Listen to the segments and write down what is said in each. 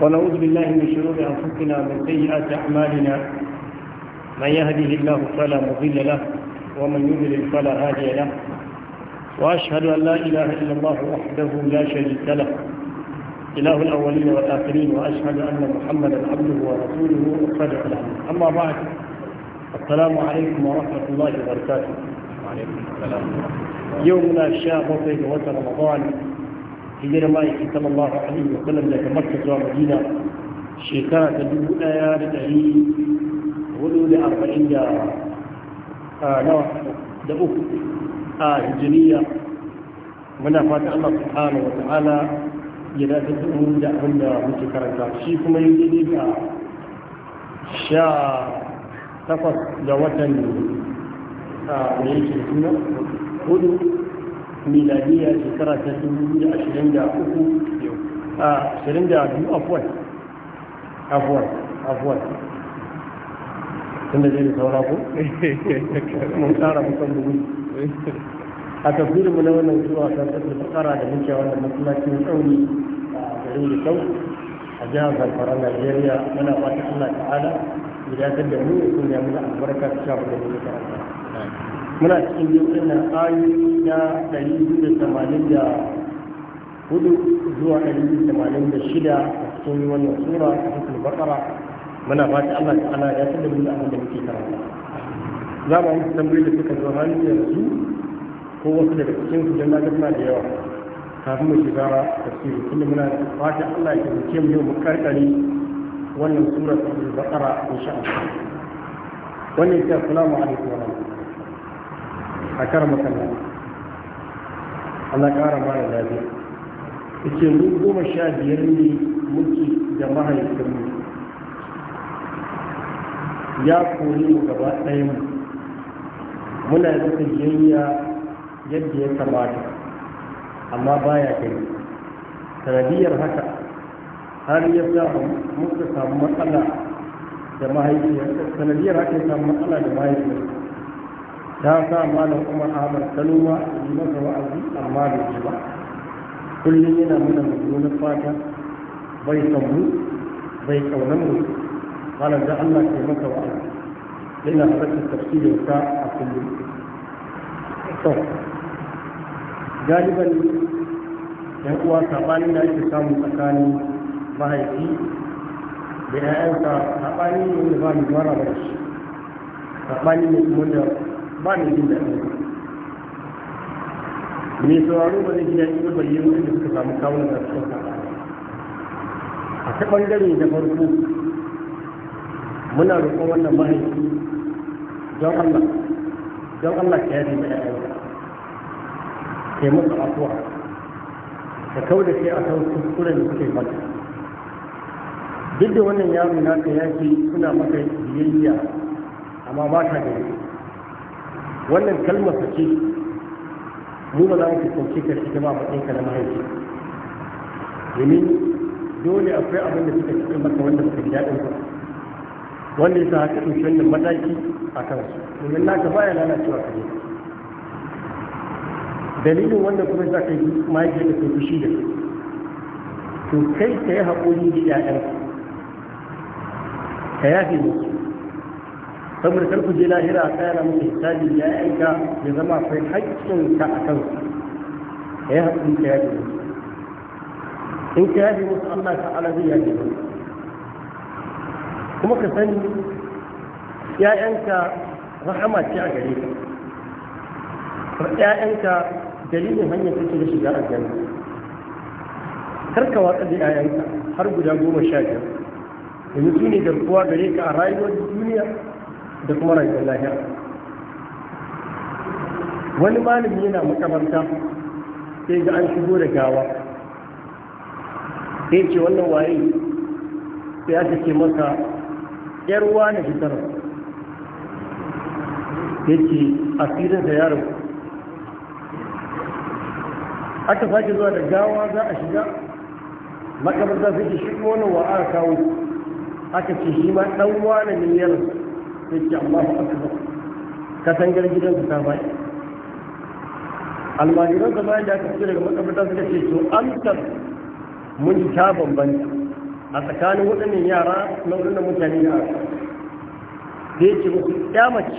ونعوذ بالله من شرور أنفسنا ومن سيئات أعمالنا من يهده الله فلا مضل له ومن يضلل فلا هادي له وأشهد أن لا إله إلا الله وحده لا شريك له إله الأولين والآخرين وأشهد أن محمدا عبده ورسوله وصدق له أما بعد السلام عليكم ورحمة الله وبركاته وعليكم السلام يومنا الشاب وطيب رمضان hijirar ma'aiki sallallahu alaihi wa sallam daga makka zuwa madina shekara ta dubu daya da dari hudu da arba'in da nawa da uku a hijiriya muna fata allah subhanahu wa ta'ala ya dace da mu da abin da muke karanta shi kuma yi daidai ga sha takwas da watan da yake suna hudu miladiya shekara ta 2023 a afuwan afuwan tun da zai da saura ko mun tsara musan dubu a mu na wannan zuwa kan ta tsara da muke wannan masallacin tsauni a garin da kyau a jihar zamfara najeriya muna fata allah ta'ala idan da mu ya kuma ya muna albarka ta shafi da mu karanta muna cikin jirgin na ayu na 284 zuwa 286 a cikin wannan sura a cikin bakara muna ta Allah Ta'ala ya sanar da abin da muke karanta za mu yi tambayoyi da suka zo hannu yanzu ko wasu daga cikin su dan na da yawa kafin mu shiga tafsiri kuma muna ta Allah ya taimake mu yau mu karkare wannan sura ta bakara insha Allah wannan ta assalamu alaikum wa rahmatullahi a kar makalla Allah ƙara mana lafiya ce mu goma sha biyar ne muke da mahaifinmu ya kori mu gaba ɗaya mu muna duka biyayya yadda ya kamata amma baya kai sanadiyar haka har ya samu muka samu matsala da mahaifiyar sanadiyar haka ya samu matsala da mahaifiyar ta sa malam umar ahmad kaluma a yi masa wa'azi amma da ji ba kullum yana nuna mummunan fata bai san mu bai kaunan mu malam da allah ke masa wa'azi yana saka tafsirinsa a kullum to galiban yan uwa saɓanin da ake samu tsakanin mahaifi da 'ya'yansa saɓani ne wanda ba mu mara da shi saɓani ne kuma da ba ni jin daɗi mai sauraro ba zai ji daɗi ba bayyana da suka samu kawunan da suka a ta ɓangare na farko muna roƙon wannan mahaifi don Allah don Allah ka yaji mai ayyuka ka yi masa afuwa ka kau da kai a kan kuskuren da suke mata duk da wannan yaro naka ya ce suna maka biyayya amma ba ta gari wannan kalmar ta mu ba za mu kauce ka ita ba matsayin ka na mahaifi domin dole akwai abin da suka cikin maka wanda suka ji daɗin ka wanda ya sa haka ɗauki wannan mataki a kansu domin naka baya lalacewa ka ne dalilin wanda kuma za ka yi mahaifiyar da kai fushi da kai to kai ka yi haƙuri da 'ya'yanka ka yafe musu saboda kar ku je lahira a tsaya muku hisabi ya aika ya zama akwai haƙƙinka a kansa ka yi haƙƙin ka yafe musu in ka yafe musu Allah ta'ala zai yafe musu kuma ka sani ‘ya'yanka rahama ce a gare ka ‘ya'yanka dalilin hanyar take da shiga a gare kar ka watsa da ‘ya'yanka har guda goma sha biyar yanzu su ne garkuwa gare ka a rayuwar duniya da kuma rayuwar lahira wani malami yana makabarta sai ga an shigo da gawa sai ce wannan waye sai aka ce masa yar wani fitar sai ce a asirin da yaro aka sake zuwa da gawa za a shiga makabarta sai ke shigo wani wa'ar kawo aka ce shi ma ɗan wani miliyar sai ce Allahu akbar katangar gidan su ta bai almajiran da bayan da aka fito daga makabarta suka ce to amsar mun ji ta bambanta a tsakanin waɗannan yara na waɗannan mutane na aka da ya ce musu mace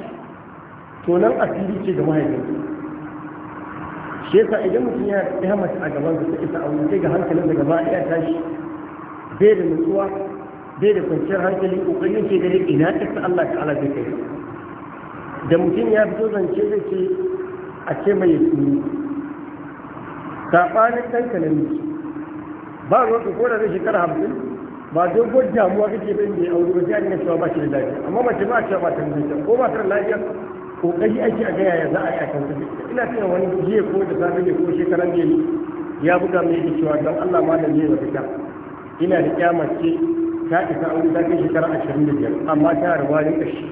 to nan asiri ce ga mahaifinsu shi yasa idan mutum ya ƙyamace a gaban su ta isa a wuce ga hankalin da gaba ɗaya tashi bai da nutsuwa bai da kwanciyar hankali kokarin yake gare ina ta Allah ta'ala zai da mutum ya fito zance zai ce a ce mai su saɓanin ɗanka na miki ba ruwa ko da zai shekara hamsin ba dogon damuwa kake bai mai aure ba sai an cewa ba shi da lafiya amma mace ba cewa ba ta lafiya ko ba ta lafiya kokari ake a gaya za a yi a kan su ina cewa wani jiya ko da safe ne ko shekaran jiya ya buga mai yake cewa don Allah ma da ne ya ta? ina da kyamace ta isa aure ta kai shekara ashirin da biyar amma ta harwa ne ƙashi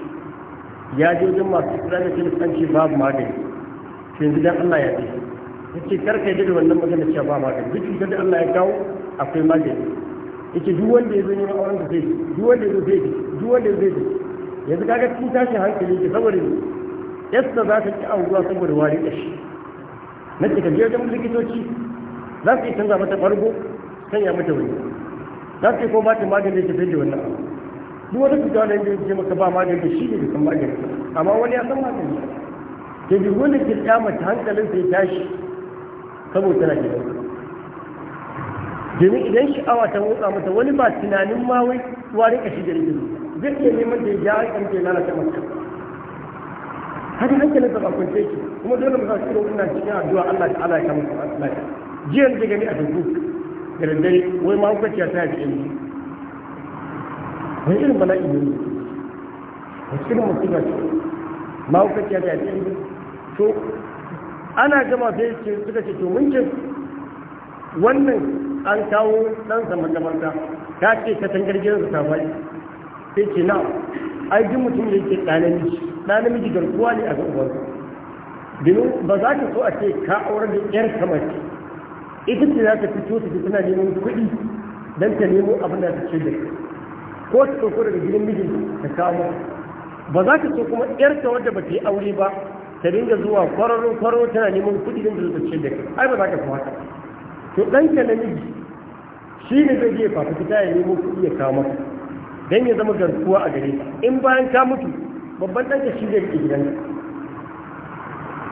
ya je wajen masu kula da kiristanci babu magani yanzu dan Allah ya tsaye ya ce karka yadda da wannan magana cewa ba magani duk cutar da Allah ya kawo akwai magani ya ce duk wanda ya zo neman auren zai duk wanda ya zo zai duk wanda ya zai yanzu kaga cikin tashin hankali ke saboda yadda za ta ci auruwa saboda wari ƙashi na ce ka je wajen likitoci za su yi canza mata farko sanya mata wani za ta yi kuma bakin magani da ke da wannan abu duk wani cuta da yake ce maka ba magani shi ne da san magani amma wani ya san magani ke ji wani ke kyamata hankalin sai tashi saboda tana gidan domin idan sha'awa ta motsa mata wani ba tunanin ma wai tuwa rika shi da rikin zai iya neman da ya yi kan ke lalata mata haka hankalin ta ba kwance ki kuma dole mu sa shi da wannan cikin addu'a Allah ta, Allah ya kama su Allah jiyan da gani a Facebook da daddare wai ma kwanciya ta ji ilimi wani irin bala'i ne ne wasu irin musiba ce ma kwanciya ta ji ilimi to ana gama sai ce suka ce to mun ce wannan an kawo dan zaman gabarta ta ce ta tangar gidansa ta bai sai ce na ai duk mutum da yake ɗa namiji ɗa namiji garkuwa ne a ga ubansa domin ba za ka so a ce ka aure da ƴar kamar ita ce za ta fito ta tana neman kuɗi don ta nemo abin da ta ce da ko ta ɗauko daga gidan mijin ta kawo ba za ta so kuma ƴarta wadda ba ta yi aure ba ta dinga zuwa kwararo kwararo tana neman kuɗi don ta ce da ai ba za ka fi haka to ka namiji shi ne zai je fafi fita ya nemo kuɗi ya kama, don ya zama garkuwa a gare ta. in bayan ka mutu babban ɗanka shi zai riƙe gidanka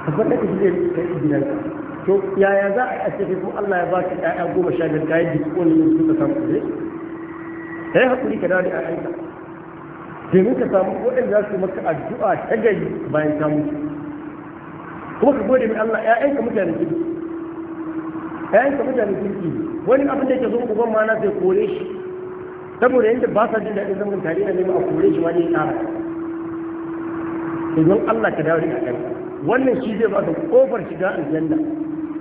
babban ɗanka shi zai riƙe gidanka to yaya za a yi a cikin ko Allah ya ba ka ƴaƴa goma sha biyar kayan jiki ko ne yin suka samu kuɗi ka yi haƙuri ka dawo da ƴaƴanka domin ka samu ko waɗanda za su maka addu'a ta gari bayan ka mutu kuma ka gode min Allah ƴaƴanka mutane kirki ƴaƴanka mutane kirki wani abin da yake zo uban ma na zai kore shi saboda yadda ba sa jin daɗin zaman tare da nema a kore shi wani ya ƙara idan Allah ka dawo da kanka wannan shi zai ba ka kofar shiga aljanna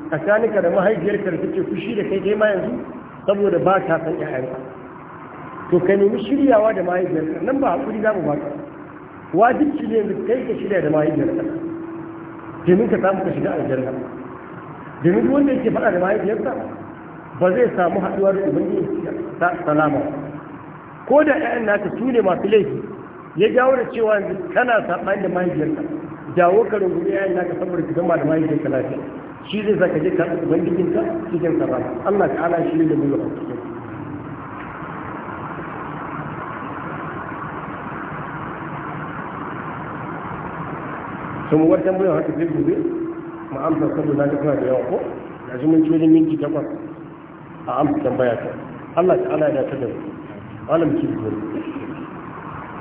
tsakaninka da mahaifiyarka da kake fushi da kai kai ma yanzu saboda ba ka san ƴaƴanka to ka nemi shiryawa da mahaifiyarka nan ba hakuri za mu ba ka wajibci ne mu kai ka shirya da mahaifiyarka domin ka samu ka shiga aljanna domin duk wanda yake faɗa da mahaifiyarsa ba zai samu haɗuwa da ubangiji salama ko da ƴaƴan naka su ne masu laifi ya jawo da cewa yanzu kana saɓani da mahaifiyarka jawo ka rungumi ƴaƴan naka saboda ka gama da mahaifiyarka lafiya shi zai zaka je karɓi ubangijinka cikin sarra Allah ta ala shi da mu yau sun mu wata mulan haka zai gobe mu amsa sabu na ta da yawa ko da shi mun ci wajen minti takwas a amsa tambaya ta Allah ta ala ya ta da alam ki gobe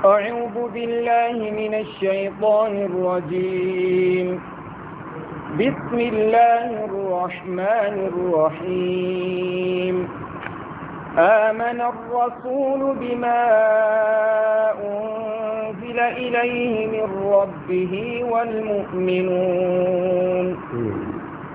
أعوذ بالله من الشيطان الرجيم بسم الله الرحمن الرحيم آمن الرسول بما أنزل إليه من ربه والمؤمنون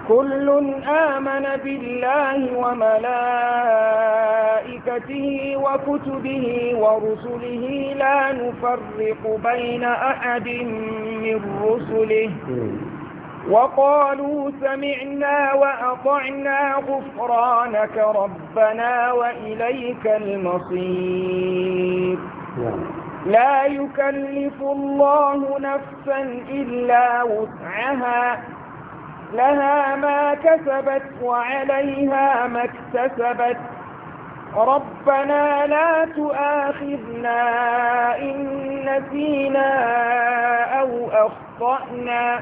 كل آمن بالله وملائكته وكتبه ورسله لا نفرق بين أحد من رسله وقالوا سمعنا وأطعنا غفرانك ربنا وإليك المصير لا يكلف الله نفسا إلا وسعها لها ما كسبت وعليها ما اكتسبت ربنا لا تؤاخذنا إن نسينا أو أخطأنا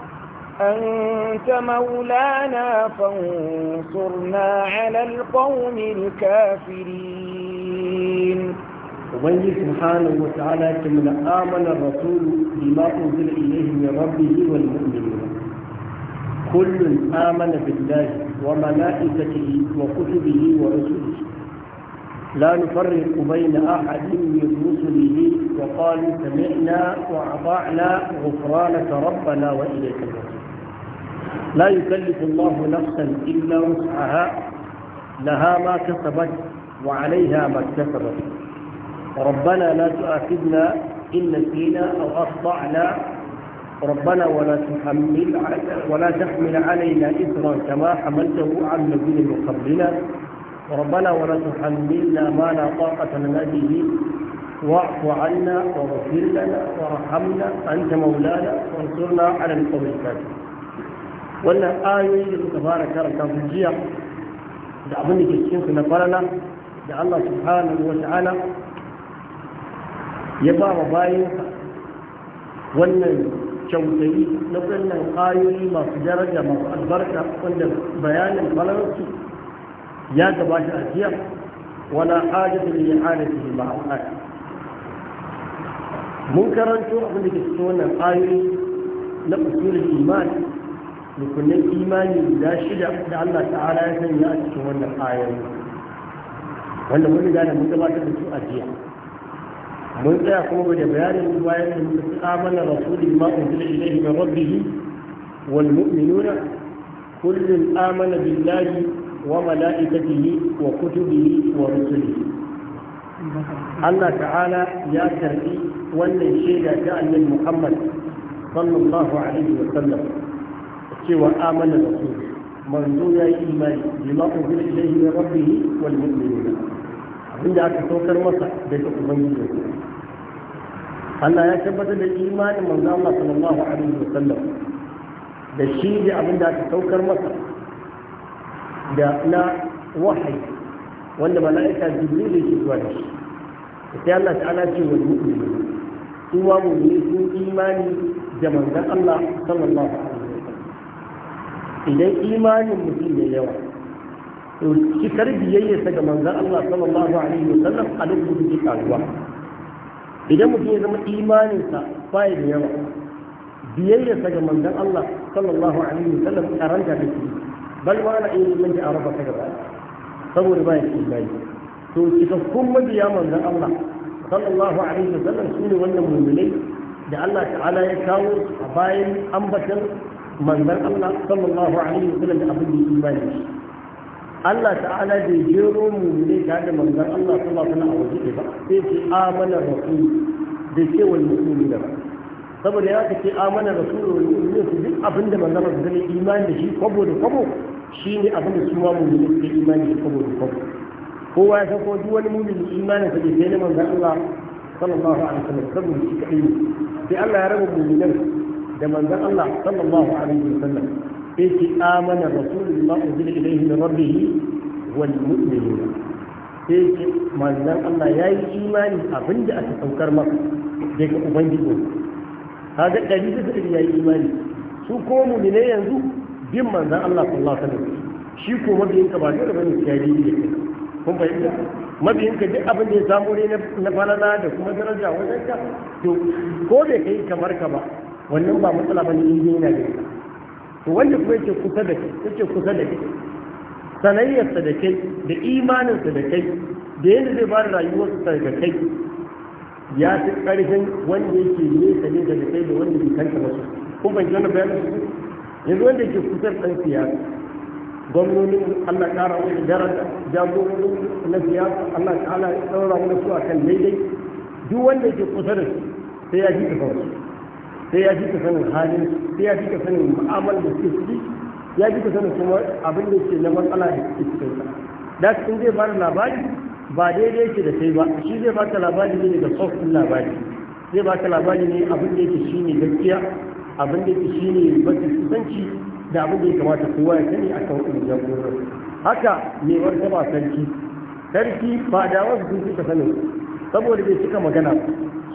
أنت مولانا فانصرنا على القوم الكافرين وبنجي سبحانه وتعالى كمن آمن الرسول بما أنزل إليه من ربه والمؤمنين كل آمن بالله وملائكته وكتبه ورسله لا نفرق بين أحد من رسله وقالوا سمعنا وأطعنا غفرانك ربنا وإليك الرجوع لا يكلف الله نفسا إلا وسعها لها ما كسبت وعليها ما اكتسبت ربنا لا تؤاخذنا إن نسينا أو أخطأنا ربنا ولا تحمل ولا تحمل علينا إثرا كما حملته على الذين من قبلنا ربنا ولا تحملنا ما لا طاقة لنا به واعف عنا واغفر لنا وارحمنا أنت مولانا وانصرنا على القوم الكافرين wannan ayoyi da suka fara karanta su jiya da abin da ke cikin su na farana da Allah subhanahu wa ta'ala ya ba wa bayansa wannan kyautayi na wannan ayoyi masu daraja masu albarka wanda bayanin falalarsu ya gabata a jiya wala hajatu li i'adatihi ma'a al mun karanto abin da ke cikin wannan ayoyi na usulul iman rukunin imani guda shida da Allah ta'ala ya sanya a cikin wannan ayoyi wanda mun riga da mun gabatar da su a jiya mun tsaya kuma ga bayanin bayan da muka ci amana rasuli ma unzila ilayhi min rabbihi wal mu'minuna kullun amana billahi wa mala'ikatihi wa kutubihi wa rusulihi Allah ta'ala ya karbi wannan shaida ta annabi Muhammad sallallahu alaihi wa sallam cewa amana da su manzo ya yi imani bima ubila ilaihi min rabbih wal mu'minun abinda aka saukar masa da ta ubangiji Allah ya tabbatar da imanin manzo Allah sallallahu alaihi wasallam da shi da abinda aka saukar masa da na wahayi wanda mala'ika jibril yake zuwa da shi sai Allah ta'ala ce wal mu'minun su wa mu'mini sun imani da manzon Allah sallallahu alaihi idan imanin mutum ya yawa to cikar biyayyarsa ga manzon Allah sallallahu alaihi wasallam a lokacin da ke karuwa idan mutum ya zama imaninsa baya da yawa biyayyarsa ga manzon Allah sallallahu alaihi wa sallam karanta da shi bal ma ana iya neman da arafa ta gaba saboda baya da imani to cikakkun mabiya manzon Allah sallallahu alaihi wasallam su ne wannan mummunai da Allah ta'ala ya kawo a bayan ambatan manzan Allah sallallahu alaihi wasallam da abin da yake Allah ta'ala da jero mu ne tare da manzan Allah sallallahu alaihi wasallam a ba sai ce amana rasul da ce wal mu'minina saboda ya ce amana rasul wal mu'minina su duk abin da manzan Allah sallallahu alaihi imani da shi kwabo da kwabo shine abin da su ma mu ne suke imani da kwabo da kwabo kowa ya san ko duk wani mu'min imanin sa da manzan Allah sallallahu alaihi wasallam saboda shi kadai sai Allah ya raba mu'minan da manzan Allah sallallahu alaihi wasallam sai ki amana rasulullah uzila ilayhi min rabbih wal mu'minuna sai ki manzan Allah yayi imani abinda aka saukar maka daga ubangiji kaga dari da dari yayi imani su ko mu ne yanzu bin manzan Allah sallallahu alaihi wasallam shi ko mabiyin ka ba da bane ya yi ne kun fahimta mabiyin ka duk abin da ya samu ne na falala da kuma daraja wajen ka to ko bai kai kamar ka ba wannan ba matsala ba ne in dai yana da ita to wanda kuma yake kusa da kai yake kusa da kai sanayyarsa da da imaninsa da da yadda zai ba da rayuwarsa da kai ya fi ƙarfin wanda yake nesa ne daga kai da wanda bai kanta su. ko ban ji wani bayanin su yanzu wanda yake da ɗan siyasa gwamnonin Allah ƙara wani daraja jagororin na siyasa Allah ta'ala ya ɗaura wani su akan daidai duk wanda yake kusa da su sai ya ji ta farko sai ya jika sanin halin sai ya jika sanin mu'amal da suke ciki ya jika sanin kuma abin da ke na matsala da suke cikin sa da in zai bada labari ba daidai yake da kai ba shi zai baka labari ne daga tsofin labari zai baka labari ne abin da yake ne gaskiya abin da yake ne mafi kusanci da abin da ya kamata kowa ya sani kan wannan jagoran haka mai wata ba sarki sarki ba da wasu sun suka sanin saboda bai cika magana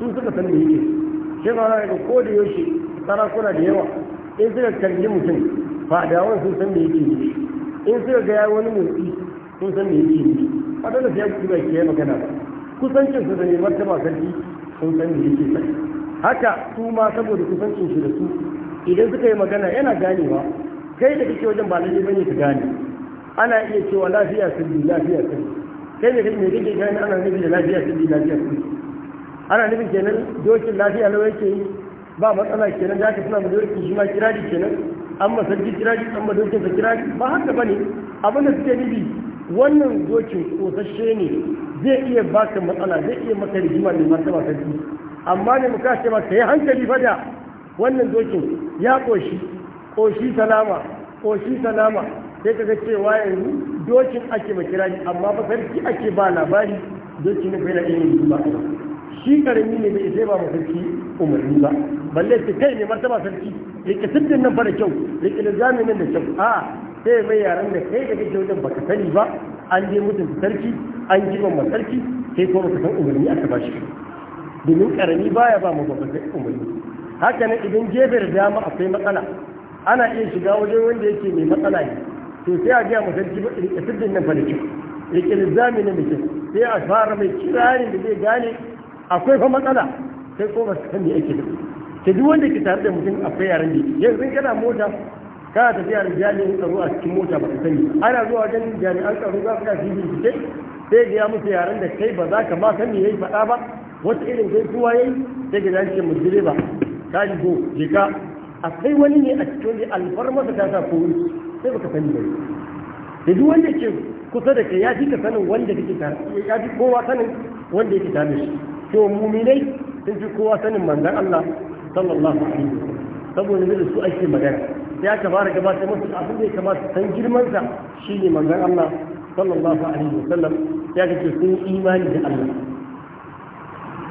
su suka san da yake shi ma za ga ko da yaushe sarakuna da yawa in suka kalli mutum fadawan sun san da yake ne in suka ga wani motsi sun san da yake yi wadanda ya ku ba ke magana ba kusancin su da ne martaba sarki sun san da yake sarki haka su ma saboda kusancin shi da su idan suka yi magana yana ganewa kai da kake wajen ba lalle bane ka gane ana iya cewa lafiya sun bi lafiya sun kai ne kake me kake gane ana nufi da lafiya sun bi lafiya sun ana nufin kenan dokin lafiya na yake yi ba matsala kenan za ka suna mu dokin shi ma kirari kenan an ma sarki kiraji, an ma dokin sa kirari ba haka bane abin da suke nufi wannan dokin kosashe ne zai iya baka matsala zai iya maka rigima ne martaba sarki amma ne muka ce ka yi hankali fa da wannan dokin ya koshi koshi salama koshi salama sai kaga cewa yanzu dokin ake ma kiraji, amma ba sarki ake ba labari dokin ne bai na iya yi ba shi karami ne bai sai ba ma sarki umarni ba balle su kai ne martaba sarki rike siddin nan fara kyau rike da jami'in da kyau a sai mai yaran da kai da kake wajen baka sani ba an je mutum sarki an kiban ma sarki sai ko baka san umarni aka ba shi domin karami baya ba mu babban sai umarni haka nan idan da dama akwai matsala ana iya shiga wajen wanda yake mai matsala ne to sai a ga mu ba rike siddin nan fara kyau rike da jami'in da kyau sai a fara mai kirarin da zai gane akwai fa matsala sai ko ba su san me yake da ke duk wanda ke tare da mutum akwai yaran ya yanzu kana mota kana tafiya da jami'in tsaro a cikin mota ba ka sani ana zuwa wajen jami'an tsaro za su ka fi bincike sai ya musu yaran da kai ba za ka ma san me yayi faɗa ba wata irin kai kuwa yayi sai ga dace mu direba ka go je ka akwai wani ne a cikin wani alfarmasa ta sa ko sai ba ka sani ba da duk wanda ke kusa da kai ya fi ka sanin wanda kake tare ya fi kowa sanin wanda yake tare shi to muminai sun fi kowa sanin manzan Allah sallallahu alaihi wasallam saboda da su ake magana sai aka fara gabatar musu abin da ya kamata san girman sa shine manzan Allah sallallahu alaihi wasallam sai aka ce sun imani da Allah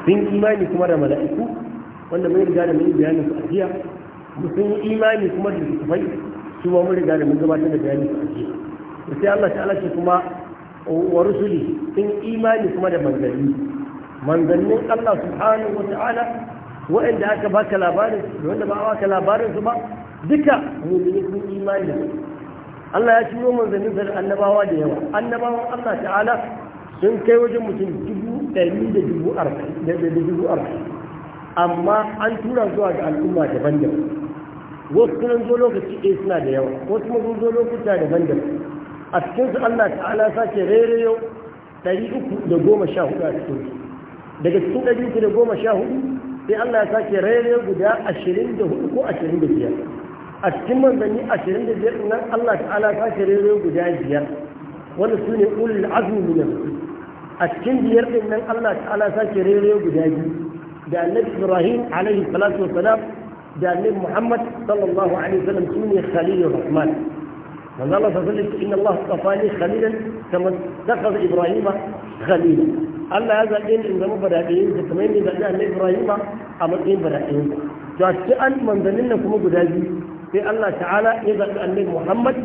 sun imani kuma da mala'iku wanda mun riga da mun bayani su a jiya sun imani kuma da littafai su ma mun riga da mun gabatar da bayani su a jiya sai Allah ta'ala ce kuma wa rusuli sun imani kuma da manzanni manzannin Allah subhanahu wa ta'ala wa'inda aka baka labarin da wanda ba baka labarin su ba duka mu'mini sun imani Allah ya turo manzannin da annabawa da yawa annabawan Allah ta'ala sun kai wajen mutum dubu ɗari da dubu arba'in da dubu arba'in amma an tura zuwa ga al'umma daban-daban wasu sun zo lokaci ɗaya suna da yawa wasu sun zo lokuta daban-daban a cikin su Allah ta'ala sake rairayo ɗari uku da goma sha hudu a cikin su daga cikin ɗari uku da goma sha hudu sai Allah ya sake rere guda ashirin da hudu ko ashirin da biyar a cikin manzanni ashirin da biyar nan Allah ta'ala ya sake rere guda biyar wanda su ne ulul azmi min a cikin biyar din nan Allah ta'ala ya sake rere guda biyu da annabi Ibrahim alaihi salatu wassalam da annabi Muhammad sallallahu alaihi wasallam su ne khalilur rahman manzo Allah sallallahu alaihi wasallam inna Allah tafani khalilan kama dakhadha Ibrahim khalilan Allah ya zaɓe ni in zama badaɗayin sa kamar yadda zaɓe Allah Ibrahim a matsayin badaɗayin sa to a cikin an manzannin nan kuma guda biyu sai Allah ta'ala ya zaɓi Annabi Muhammad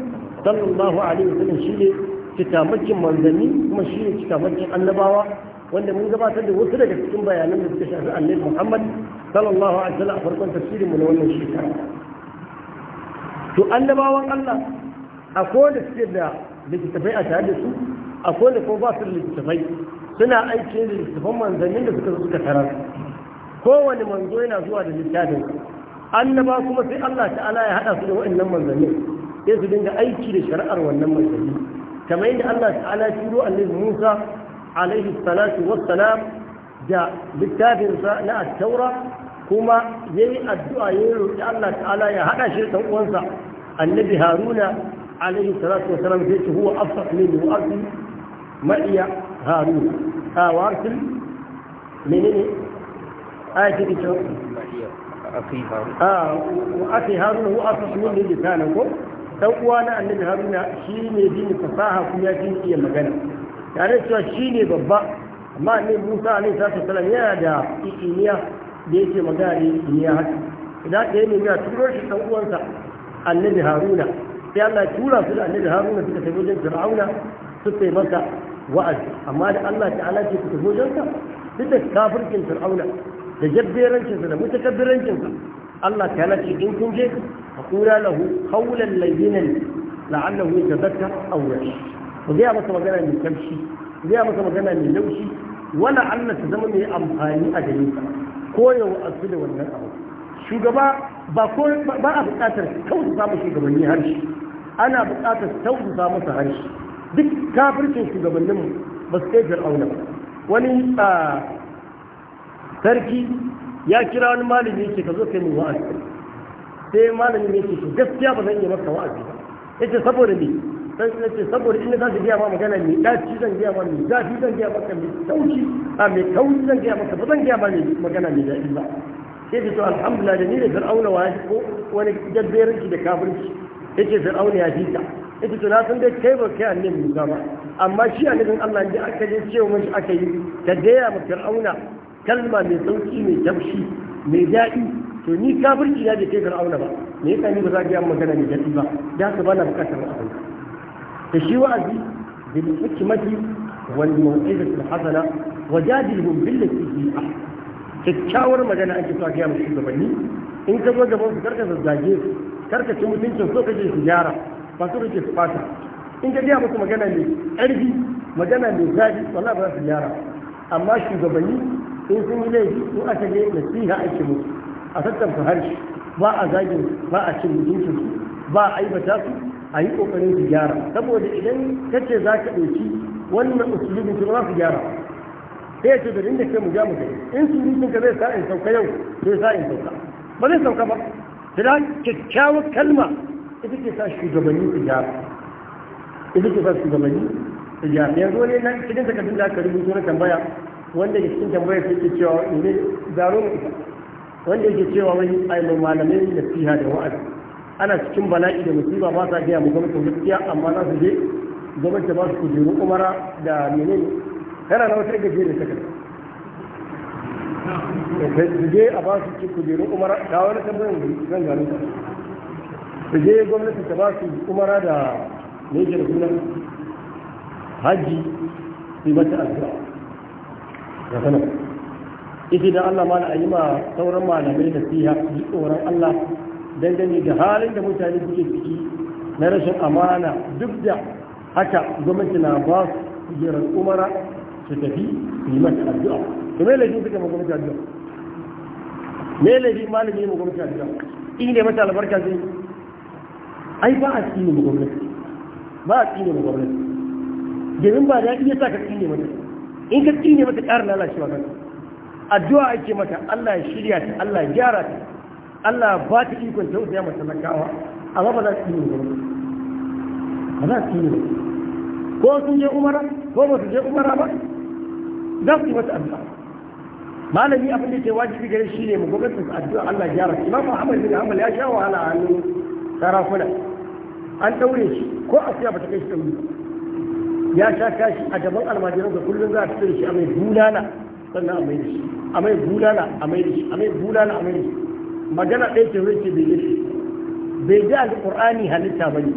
sallallahu alaihi wa wasallam shi ne cikamakin manzanni kuma shi ne cikamakin annabawa wanda mun gabatar da wasu daga cikin bayanan da suka shafi Annabi Muhammad sallallahu alaihi wa wasallam a farkon tafsirin mu na wannan shekara to annabawan Allah akwai da suke da littattafai a tare da su akwai da kuma ba su da littattafai suna aiki da littafan manzannin da suka suka tarar kowane manzo yana zuwa da littafin annaba kuma sai Allah ta'ala ya hada su da wa'annan manzannin sai su dinga aiki da shari'ar wannan manzanni kamar yadda Allah ta'ala ya turo annabi Musa alaihi salatu wassalam da littafin sa na at-taura kuma yayi addu'a yayi roƙi Allah ta'ala ya hada shi da uwansa annabi Haruna alaihi salatu wassalam sai ce huwa afsah minni wa ardi ma'iya هارون menene وارسل da آية تكتب أخي هارون آه وأخي هارون هو أصلح مني لسانكم dan uwana annabi haruna shi ne jini fasaha kuma ya jini iya magana tare cewa shi ne babba amma annabi musa alaihi salatu wasallam yana da ikiniya da yake magana da ikiniya haka idan ɗaya ne ya turo shi dan uwansa annabi haruna sai Allah tura su da annabi haruna suka tafi wajen fir'auna suka yi masa wa'azi amma da Allah ta'ala ce ku tafi wajensa duk da kafircin fir'auna da jabberancinsa da mutakabirancinsa Allah ta'ala ce in kun je a kura lahu haulan layyinan la'annahu yatazakka aw yashi ku ga masa magana mai kamshi ku ga masa magana mai laushi wala Allah ta zama mai amfani a gare ka ko ya wa'azi da wannan abu shugaba ba ko ba a buƙatar kautu samu shugabanni harshe ana buƙatar kautu samu harshe duk kafircin shugabanninmu ba su kai fir'auna ba wani sarki ya kira wani malami yake ka zo kai mu wa'azi sai malami yake shi gaskiya ba zan iya maka wa'azi ba yace saboda me sai yace saboda in za ka ji ma magana da shi zan ba ma da shi zan gaya maka mai tauki a me tauki zan ji maka ba zan ji ma mai magana mai da illa sai ce to alhamdulillah da ni da fir'auna wa'azi ko wani jabberin da kafirci yace fir'auna ya fita ita tuna sun dai kai ba kai annabi Musa ba amma shi annabin Allah ne aka je cewa mun shi aka yi ta gaya ma Fir'auna kalma mai sauki mai tafshi mai daɗi to ni kafirci na da kai Fir'auna ba me yasa ni ba za ka yi magana mai daɗi ba da haka bana na bukatar abin ta shi wa'azi bil hikmati wal mau'izati al hasana wajadilhum billati hi ahsan kyakkyawar magana ake so a gaya ma shugabanni in ka zo gaban su karka zazzage su karka ci mutuncin so kake su gyara masu rike su bata in ka gaya musu magana mai ƙarfi magana mai zafi wallahi ba za su gyara amma shugabanni in sun yi laifi ko aka ga nasiha ake musu a tattafa harshe ba a zagin ba a cin mutuncin su ba a aibata su a yi kokarin su gyara saboda idan ka ce za ka ɗauki wannan usulubin su ba su gyara sai ce da inda kai mu ja mu kai in su surutun ka zai sa in sauka yau zai sa in sauka ba zai sauka ba da kyakkyawar kalma ita ke sa shugabanni su gyara ita ke sa shugabanni su gyara yanzu wani nan cikin takardun da aka rubuto na tambaya wanda ke cikin tambayar sai ke cewa ne zaro mu ita wanda yake cewa wani ayyukan malamai nasiha da wa'azi ana cikin bala'i da musiba ba sa gaya mu gwamnatin gaskiya amma za su je gwamnati ba su kujeru umara da menene kana na wata gaje da takarda su je a ba su kujeru umara ta wani tambayar zan gano su je gwamnati ta ba su umara da ne da guna hajji su mata addu'a ga sana ita da Allah mala a yi ma sauran malamai da siya yi tsoron Allah dangane da halin da mutane suke ciki na rashin amana duk da haka gwamnati na ba su kujerar umara su tafi su yi mata addu'a to me laifin suka ma gwamnati addu'a me laifin malami ma gwamnati addu'a in ne mata albarka zai ai ba a tsine mu gwamnati ba a tsine mu gwamnati domin ba da iya sa ka tsine mata in ka tsine mata ƙara lalacewa kanka addu'a ake mata Allah ya shirya ta Allah ya gyara ta Allah ba ta ikon wuce mata talakawa amma ba za su tsine gwamnati ba za su tsine ko sun je umara ko ba su je umara ba za su yi mata addu'a malami abin da ke wajibi gare shi ne mu gwamnatin addu'a Allah ya gyara ta Imam Muhammad bin Hanbal ya sha wahala a hannun sarakuna an daure shi ko a siya bata kai shi dauri ya sha kashi a gaban almajiran da kullum za a fitar da shi a mai bulala sannan a mai da shi a mai bulala a mai da shi a mai bulala a mai da shi magana ɗaya ce wurin ce bai yi shi bai ji alƙur'ani halitta ba ne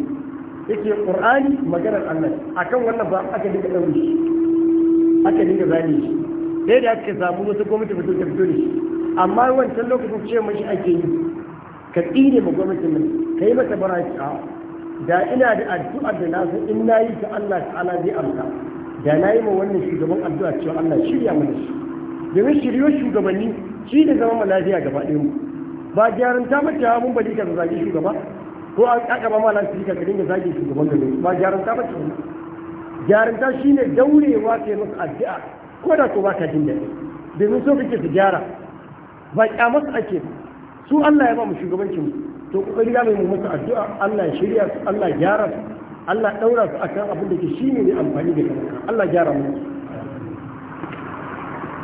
yake ƙur'ani magana Allah akan wannan ba aka dinga daure shi aka dinga zane shi ɗaya da aka samu wasu gwamnati fito ta fito da shi amma wancan lokacin ce mashi ake yi ka tsire ma gwamnatin nan ka yi mata baraci a da ina da addu'ar da na san in nayi yi ta Allah ta'ala zai amsa da na yi ma wannan shugaban addu'a cewa Allah shirya mana shi domin shiryo shugabanni shi da zama mu lafiya gaba ɗaya mu ba gyaran ta mace mun bari ka zage shugaba ko an kaka ba malan shi ka dinga zage shugaban da ba gyaran ta mace gyaran ta shine daurewa kai musu addu'a ko da ko baka jin da domin so kake su gyara ba kyamata ake su Allah ya ba mu shugabancin mu to kokari za mu yi musu addu'a Allah ya shirya su Allah ya gyara su Allah ya daura su akan abin da ke shine ne amfani da kanka Allah ya gyara mu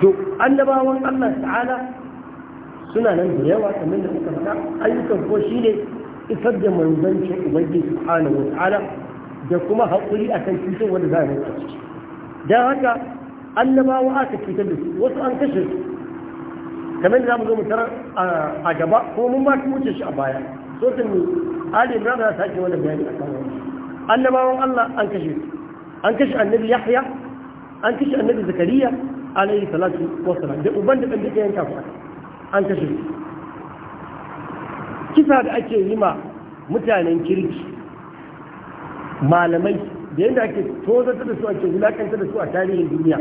to annabawan Allah ta'ala suna nan da yawa kamar da muka faɗa ayyukan ko shine isar da manzancin ubangiji subhanahu wa ta'ala da kuma haƙuri akan cutar wanda za a yi a ciki don haka annabawa aka cutar da su wasu an kashe su kamar da za mu zo mu tarar a gaba ko mun ba ki wuce shi a baya sosin ne ali ibrahim ya sake wannan bayani a kan wani annabawan allah an kashe an kashe annabi yahya an kashe annabi zakariya alayhi salatu wassalam da uban da ɗan duka yanka ku an kashe kisa da ake yi ma mutanen kirki malamai da yadda ake tozarta da su ake wulakanta da su a tarihin duniya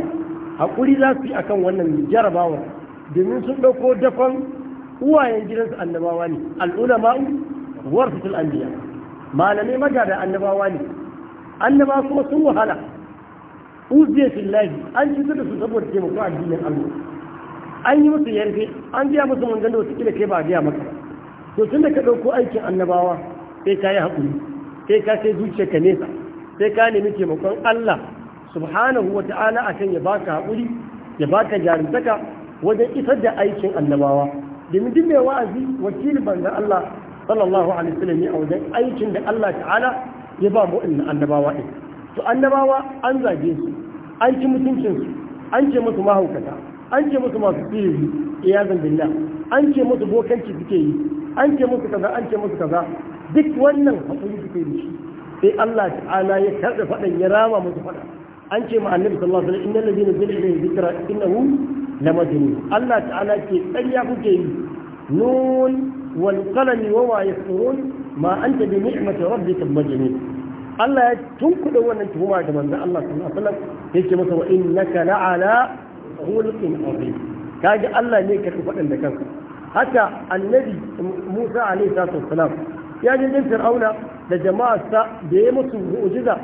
haƙuri za su yi akan wannan jarabawar domin sun ɗauko dakon uwayen gidansu annabawa ne war warsatul anbiya malamai magada annabawa ne annaba kuma sun wahala uziya fillahi an ci da su saboda taimako addinin Allah an yi musu yarfe an biya musu mangan da wasu kila kai ba a biya maka to tun da ka ɗauko aikin annabawa sai ka yi haƙuri sai ka sai zuciya ka nesa sai ka nemi taimakon Allah subhanahu wa ta'ala akan ya baka haƙuri ya baka jarumtaka wajen isar da aikin annabawa domin duk mai wa'azi wakili banzan Allah sallallahu alaihi wasallam a wajen aikin da Allah ta'ala ya ba mu'min annabawa din to annabawa an zage su an ci mutuncin su an ce musu mahaukata an ce musu masu sirri iyazan billah an ce musu bokanci suke yi an ce musu kaza an ce musu kaza duk wannan hakuri suke da shi sai Allah ta'ala ya karɓe faɗan ya rama musu faɗa an ce ma annabi sallallahu alaihi wasallam innal ladina zikra innahu la Allah ta'ala ke ƙarya kuke yi nun wal qalami wa wa yasrun ma anta bi ni'mati rabbika majnun Allah ya tunkuda wannan tuhuma da manzo Allah sallallahu alaihi wasallam yake masa wa innaka la'ala khulqin azim kaga Allah ne ka faɗin da kanka haka annabi Musa alaihi salam ya je din Fir'auna da jama'arsa da ya musu mu'jiza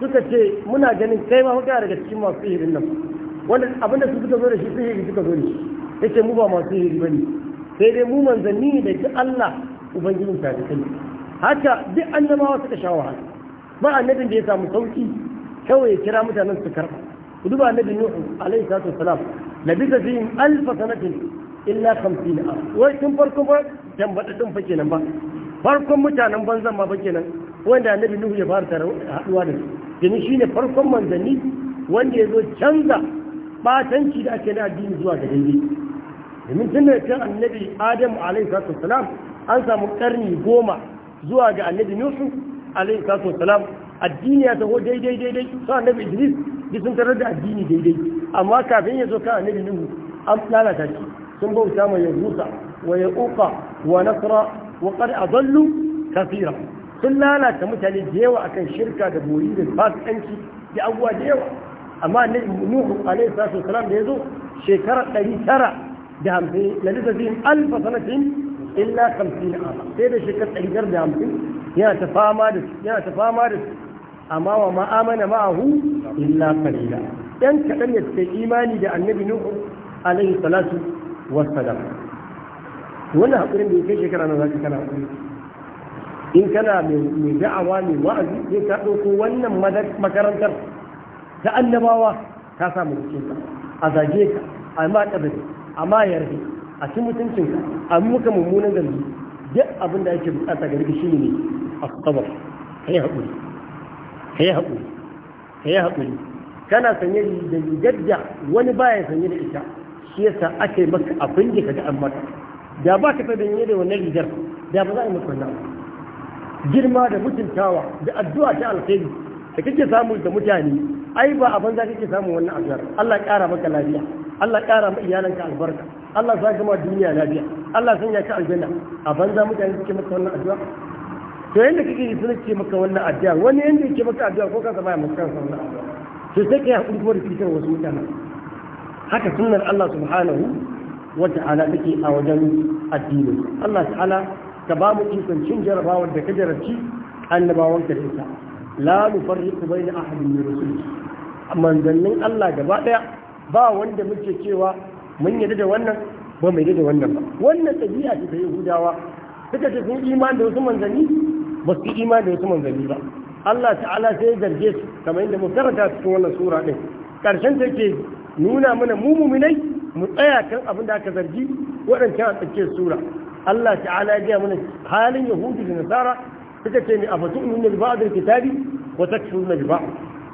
suka ce muna ganin kai ma huka daga cikin masu sihirin nan wanda abinda su suka zo da shi sihiri suka zo da shi yace mu ba masu sihiri bane sai dai mu manzanni da ji Allah ubangijin ta da kai haka duk annabawa suka sha wahala ba annabin da ya samu sauki kawai ya kira mutanen su karba ku duba annabi nuhu alaihi salatu wasalam labisa fihim alf sanatin illa 50 am wai tun farkon ba dan badadin fa nan ba farkon mutanen banzan ma ba kenan wanda annabi nuhu ya fara haduwa da su shi ne farkon manzanni wanda ya zo canza batanci da ake na addini zuwa ga dindi domin tun da kan annabi adamu alaihi salatu wasalam an samu karni goma zuwa ga annabi nuhu alaihi salatu wasalam addini ya taho daidai daidai su annabi idris duk sun tarar da addini daidai amma kafin ya zo kan annabi nuhu an lalata shi sun bauta mai musa wa ya yaquqa wa nasra wa qad adallu kafira sun lalata mutane da yawa akan shirka da boyi da fasikanci da abubuwa da yawa amma nuhu alaihi salatu wasalam da yazo shekara 900 da hamsin la lisafin alf sanatin illa 50 aba sai da shekara 900 da hamsin yana ta fama da yana ta fama da amma wa ma amana ma'ahu illa qalila dan kadan ya ce imani da annabi nuhu alaihi salatu wasalam wannan hakurin da ya kai shekara na zaki kana hakuri in kana mai da'awa mai wa'azi sai ka ɗauko wannan makarantar da annabawa ka samu cikin a zage ka a ma kabari a ma yarda a cin mutuncin ka a muka mummunan zargi duk abin da yake bukata gari ka yi ne ka yi haƙuri ka yi haƙuri hakuri kana sanye da rigar da wani baya sanye da ita shi yasa aka yi maka abin da kaga an maka da ba ka sanye da wannan rigar da ba za a yi maka wannan girma da mutuntawa da addu'a ta alkhairi da kake samu da mutane ai ba a banza ke samun wannan ajiyar Allah ƙara maka lafiya Allah ƙara ma iyalanka albarka Allah sa ka ma duniya lafiya Allah sanya ka aljanna a banza mutane suke maka wannan addu'a to yanda kake yi sun ce maka wannan addu'a wani yanda yake maka addu'a ko ka zama maka kansa wannan addu'a to sai ka yi hakuri kuma da fitar wasu mutanen haka sunnar Allah subhanahu wa ta'ala take a wajen addini Allah ta'ala ka ba mu ikon cin jarabawar da ka jarabci annabawanka da ita la nufarriqu bayna ahadin min rusuli manzannin Allah gaba daya ba wanda muke cewa mun yi da wannan ba mai da wannan ba wannan tabi'a ce ta Yahudawa suka ce sun iman da wasu manzanni ba su iman da wasu manzanni ba Allah ta'ala sai ya zarge su kamar yadda mu karanta cikin wannan sura din karshen ta ke nuna mana mu muminai mu tsaya kan abin da aka zargi waɗancan a tsakiyar sura Allah ta'ala ya gaya mana halin Yahudu da Nasara suka ce ne a fatu min da ba'd al-kitabi wa takfuruna na ba'd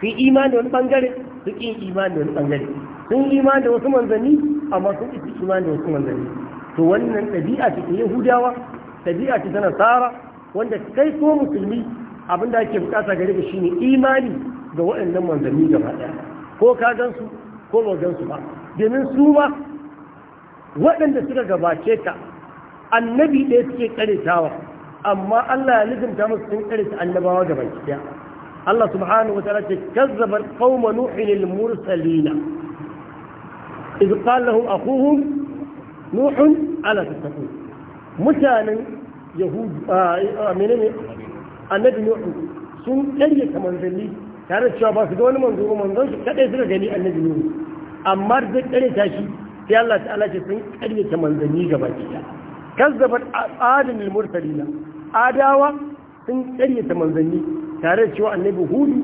fi imani wani bangare su iman imani wani bangare sun imani da wasu manzanni amma sun ki imani da wasu manzanni to wannan ɗabi'a ce ta yahudawa ɗabi'a ce ta nasara wanda kai ko musulmi abin da ake bukata gare ka shine imani ga waɗannan manzanni gaba ɗaya ko ka gan su ko ba gan su ba domin su ma waɗanda suka gabace ka annabi ɗaya suke ƙaretawa. amma Allah ya lizinta musu sun irin annabawa da baki daya Allah subhanahu wataala ce kazzabar qauma nuhin lil mursalina iz qala lahum akhuhum nuh ala tattaqun mutanen yahud menene annabi nuh sun ta manzanni tare da cewa ba su da wani manzo ba manzon shi kadai suka gani annabi nuh amma da karya ta shi sai Allah ta'ala ce sun karya manzanni gaba ki kazzabar adin lil mursalina adawa sun karyata manzanni tare da cewa annabi hudu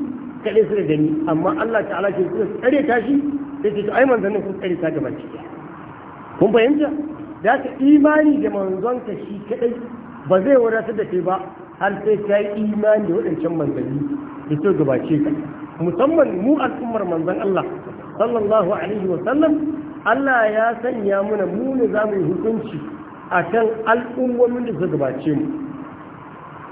kaɗai su da gani amma Allah ta'ala ce suka karyata shi sai ce to ai manzannin sun karyata ga baki kun fahimta da ka imani da manzonka shi kaɗai ba zai wadatar da kai ba har sai ka yi imani da waɗancan manzanni da ke gabace ka musamman mu al'ummar manzan Allah sallallahu alaihi wa sallam Allah ya sanya mana mu ne za mu yi hukunci akan al'ummomin da suka gabace mu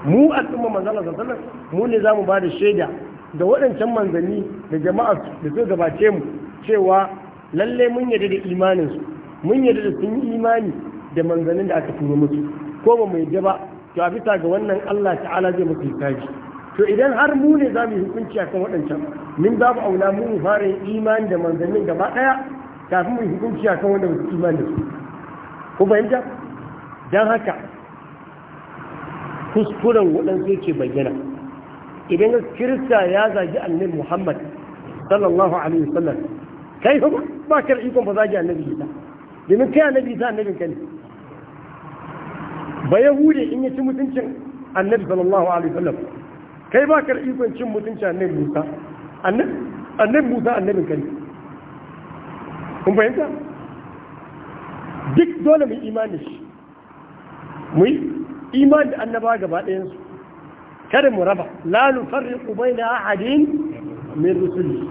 mu al'umma manzala sallallahu mu ne mu ba da shaida da waɗancan manzanni da jama'a da su gabace mu cewa lalle mun yarda da imaninsu mun yarda da sun yi imani da manzannin da aka turo musu ko ba mai yarda ba to a bisa ga wannan Allah ta'ala zai musu hisabi to idan har mu ne za mu yi hukunci akan waɗancan min babu auna mu fara yin imani da manzannin gaba ɗaya kafin mu yi hukunci akan wanda ba su imani da su ko fahimta don haka kuskuren waɗansu ke bayyana idan kirista ya zagi annabi muhammad sallallahu alaihi wasallam kai ba ka da ikon ba zagi annabi isa domin kai annabi isa annabin ka ne ba hude in ya ci mutuncin annabi sallallahu alaihi wasallam kai ba ka da ikon cin mutuncin annabi musa annabi musa annabin ka ne kun fahimta duk dole mu imani shi mu yi iman da annaba gaba ɗayansu kada mu raba la nufarriqu baina ahadin min rusuli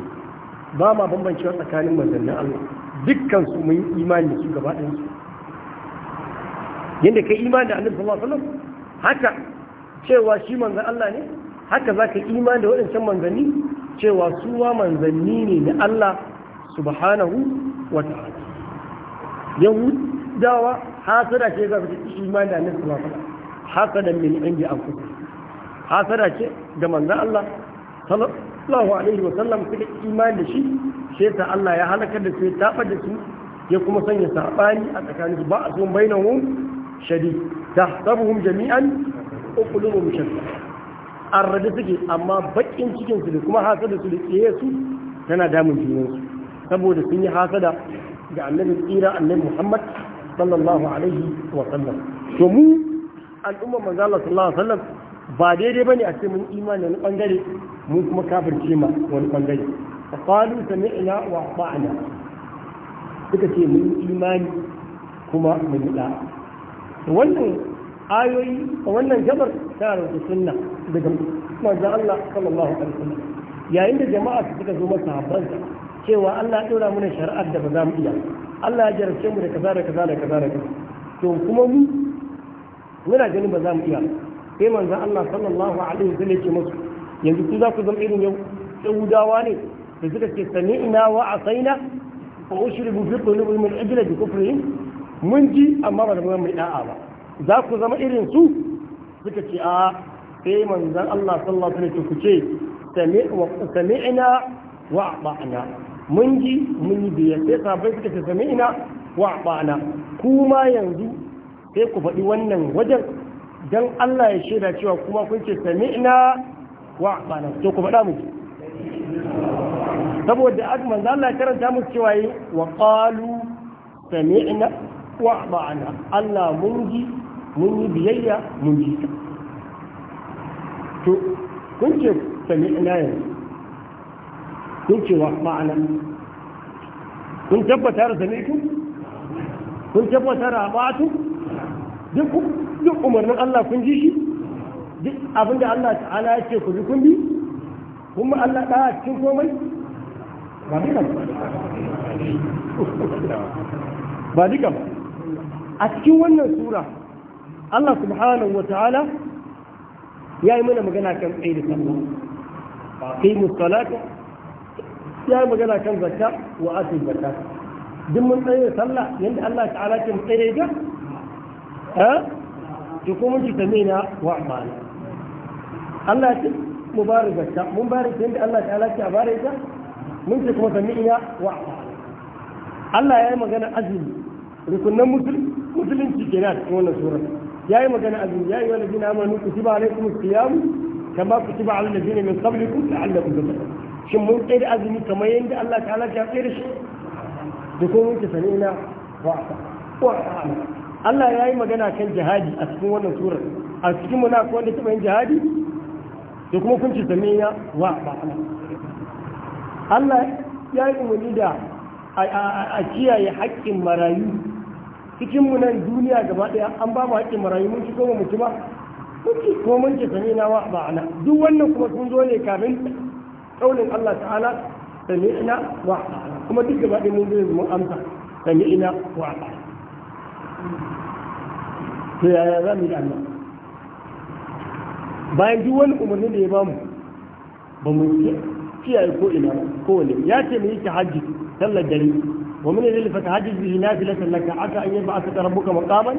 ba ma bambancewa tsakanin manzannin Allah dukkan su mun imani su gaba ɗayansu yanda kai imani da annabi sallallahu alaihi wasallam haka cewa shi manzan Allah ne haka za ka imani da waɗancan manzanni cewa suwa manzanni ne na Allah subhanahu wa ta'ala yahudawa hasira ce za su imani da annabi sallallahu alaihi wasallam hasadan min indi anfusi hasada ce da manzon Allah sallallahu alaihi wa sallam suka imani da shi sai ta Allah ya halaka da su ya tafa da su ya kuma sanya sabani a su ba a sun bainahum shadi tahsabuhum jami'an uquluhum shatta arrada suke amma bakin cikin su da kuma hasada su da tsiye su tana damun su saboda sun yi hasada ga annabi tsira annabi Muhammad sallallahu alaihi wa sallam to mu al'ummar manzo Allah sallallahu alaihi wasallam ba daidai bane a ce mun imani wani bangare mun kuma kafirce ma wani bangare qalu sami'na wa ata'na suka ce mun imani kuma mun yi da'a wannan ayoyi a wannan jabar ta rubuta sunna daga manzo Allah sallallahu alaihi wasallam yayin da jama'a suka zo masa habbansa cewa Allah ya dora mana shari'ar da ba za mu iya Allah ya jarabce mu da kaza da kaza da kaza da kaza to kuma mu muna ganin ba za mu iya sai manzon Allah sallallahu alaihi wasallam yake musu yanzu ku za ku zama irin yahudawa ne da suka ce sami'na wa asaina fa ushribu fi qulubi min ajla bi kufrihim mun ji amma ba da mai da'a ba za ku zama irin su suka ce a sai manzon Allah sallallahu alaihi wasallam ku ce sami'na wa ata'na mun ji mun yi biyar sai sabai suka ce sami'na wa ata'na kuma yanzu sai ku faɗi wannan wajen don Allah ya shaida cewa kuma kun ce sami ina wa bana to ku faɗa muku saboda azman za Allah karanta musu cewa yi wa sami ina wa bana Allah mun ji mun yi biyayya mun ji to kun ce sami ina yanzu kun ce wa bana kun tabbatar da sami'tu kun tabbatar da ba'atu duk umarnin Allah kun ji shi duk abinda Allah ta'ala ya ce ku bi kun bi kuma Allah ɗaya cikin komai ba duka ba duka ba a cikin wannan sura Allah subhanahu wa ta'ala ya yi mana magana kan tsaye da sallah ba kai musalata ya yi magana kan zakka wa asin zakka duk mun tsaye da sallah yadda Allah ta'ala ke tsaye da ha ki kuma ki tamina wa amana Allah ya mubarakata mun baraka yanda Allah ta'ala mun kuma na wa amana Allah ya yi magana azumi rukunan musulunci kenan wannan ya yi magana azumi ya yi wani jina amanu kutiba alaikum siyamu kama kutiba ala ladina min qablikum la'allakum shin mun tsaye da azumi kamar yadda Allah ta'ala a tsaye da shi da kuma mun ce wa Allah ya yi magana kan jihadi a cikin wannan surar a cikin ko wanda taɓa yin jihadi da kuma kunci zame ya wa ba'ala Allah ya yi umarni da a kiyaye haƙƙin marayu cikin munan duniya gaba ɗaya an ba mu haƙƙin marayu mun ci ko mu ci ba mun ci ko mun ci zame na wa ba'ala duk wannan kuma sun zo ne kafin ƙaunin Allah ta'ala ina wa ba'ala kuma duk gaba ɗaya mun zo mun amsa ina wa ba'ala to yaya za mu yi da bayan duk wani umarni da ya bamu ba mu kiyaye ko ina wani. ya ce mu yi hajji sallar dare wa min al hajji bihi nafilatan laka aka an yab'athaka rabbuka maqaman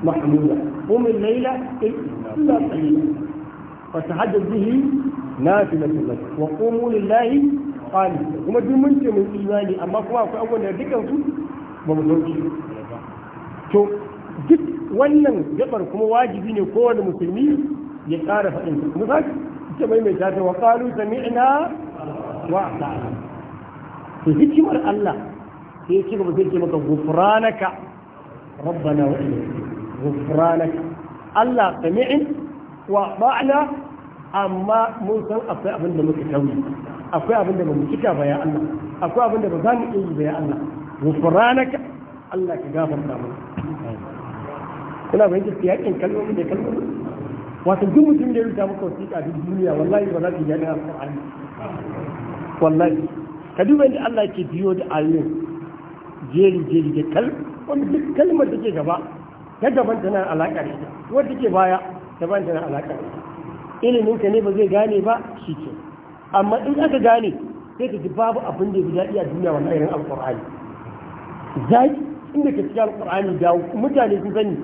محمودا قم الليل إلا قليلا فتحدث به نافلة لك وقوموا لله mun imani amma kuma akwai abubuwan da كما أقول ba mu ممتوش to duk wannan gabar kuma wajibi ne kowane musulmi ya ƙara faɗin kuma za ita mai mai tafi wa ƙalu sami'na wa ta'ala to hikimar Allah sai ya ci gaba sai ce maka gufranaka rabbana wa gufranaka Allah sami'in wa ba'na amma mun san akwai abin da muka tauye akwai abin da ba mu cika ba ya Allah akwai abin da ba za mu iya ba ya Allah gufranaka Allah ka gafarta mu kuna bayyana yakin kalmomi da kalmomi wato duk mutum da ya rubuta maka wasiƙa duk duniya wallahi ba za ka gane alƙur'ani wallahi ka duba inda Allah ke biyo da ayoyin jeri jeri da kal wanda duk kalmar da ke gaba ta gaban tana alaƙa da ita wanda ke baya ta bayan tana alaƙa da ita ilimin ka ne ba zai gane ba shi ke amma in aka gane sai ka ji babu abin da ya daɗi a duniya wannan irin alƙur'ani zaki inda ke cikin alƙur'ani da mutane sun sani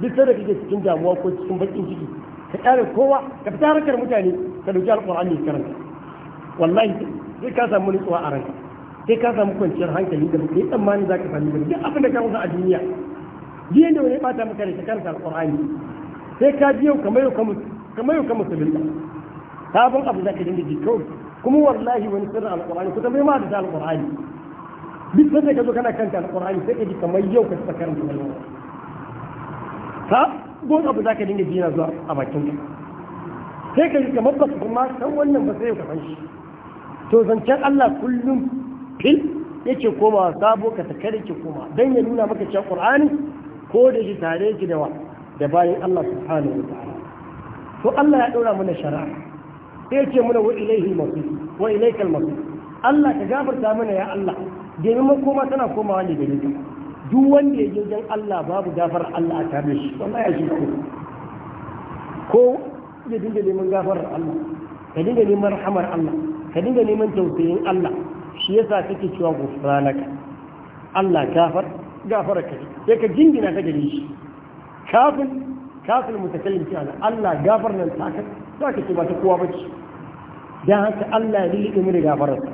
duk sai da kake cikin damuwa ko cikin bakin ciki ka kare kowa ka fita harkar mutane ka dauki alƙur'ani ka karanta wallahi sai ka samu nutsuwa a ranka sai ka samu kwanciyar hankali da kai tsammani za ka sami ba duk abin da ka musa a duniya biyan da wani bata maka ne ka karanta alƙur'ani sai ka biyo kamar yau kamar yau kamar sabilla sabon abu za ka dinga ji kawai kuma wallahi wani sirrin alƙur'ani kusan bai ma da alƙur'ani duk sai ka zo kana kanta alqur'ani sai ka ji kamar yau ka saka karanta wannan ka gon abu zaka dinga jina zuwa a bakin ka sai ka ji kamar ba ka ma san wannan ba sai ka san shi to zancen Allah kullum fil yake komawa sabo ka saka yake koma dan ya nuna maka cewa qur'ani ko da shi tare yake da wa da bayan Allah subhanahu wa ta'ala to Allah ya ɗora mana shari'a sai ya ce mana wa ilaihi masu wa ilaikal masu Allah ka gafarta mana ya Allah domin mun koma tana komawa ne gare ka duk wanda ya je Allah babu gafar Allah a tare shi wallahi ya shi ko ko ya dinga neman gafar Allah ka dinga neman rahamar Allah ka dinga neman tausayin Allah shi yasa kake cewa gufranaka Allah gafar gafara ka sai ka jingina ta gare shi kafin kafin mutakallim ce ana Allah gafar nan ta ka ta ka ba ta kowa ba ce. dan haka Allah ya yi ilimi da gafararsa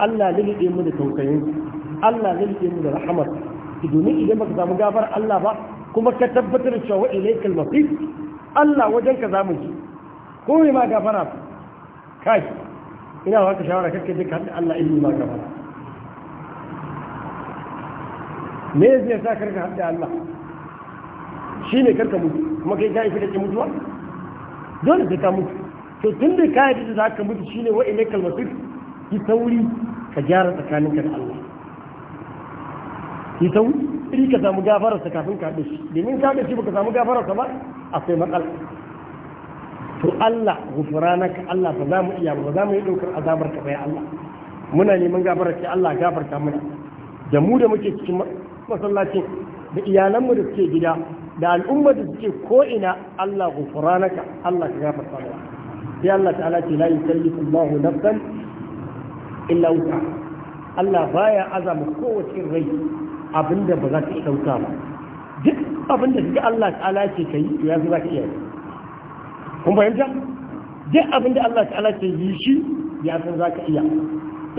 Allah lulluɓe mu da tausayin Allah lulluɓe mu da rahamar domin idan baka samu gafar Allah ba kuma ka tabbatar da cewa ilaikal masir Allah wajen ka zamu ji ko me ma gafara kai ina ba ka shawara kakka je ka haɗa Allah ilmi ma gafara me zai sa karka haɗa Allah shi ne karka mutu kuma kai ka yi fi da ke mutuwa dole sai ka mutu to tun da ka yi da za ka mutu shine ne wa'ilai kalmasir ki sauri ka gyara tsakaninka da Allah ki tau in ka samu gafararsa kafin ka haɗe shi domin ka haɗe shi baka samu gafararsa ba akwai matsala to Allah gufranaka Allah ba za mu iya ba za mu yi ɗaukar azabar ka bai Allah muna neman gafarar ki Allah gafarta mana da mu da muke cikin masallacin da iyalanmu da suke gida da al'ummar da suke ko ina Allah gufranaka Allah ka gafarta mana sai Allah ta'ala ce la yukallifu Allahu nafsan illa wuta Allah baya azama kowace rai abinda ba za ta iya dauka ba duk abinda da Allah ta'ala ce kai ya zo za ka iya yi. kun fahimta duk abinda Allah ta'ala ce yi shi ya san za ka iya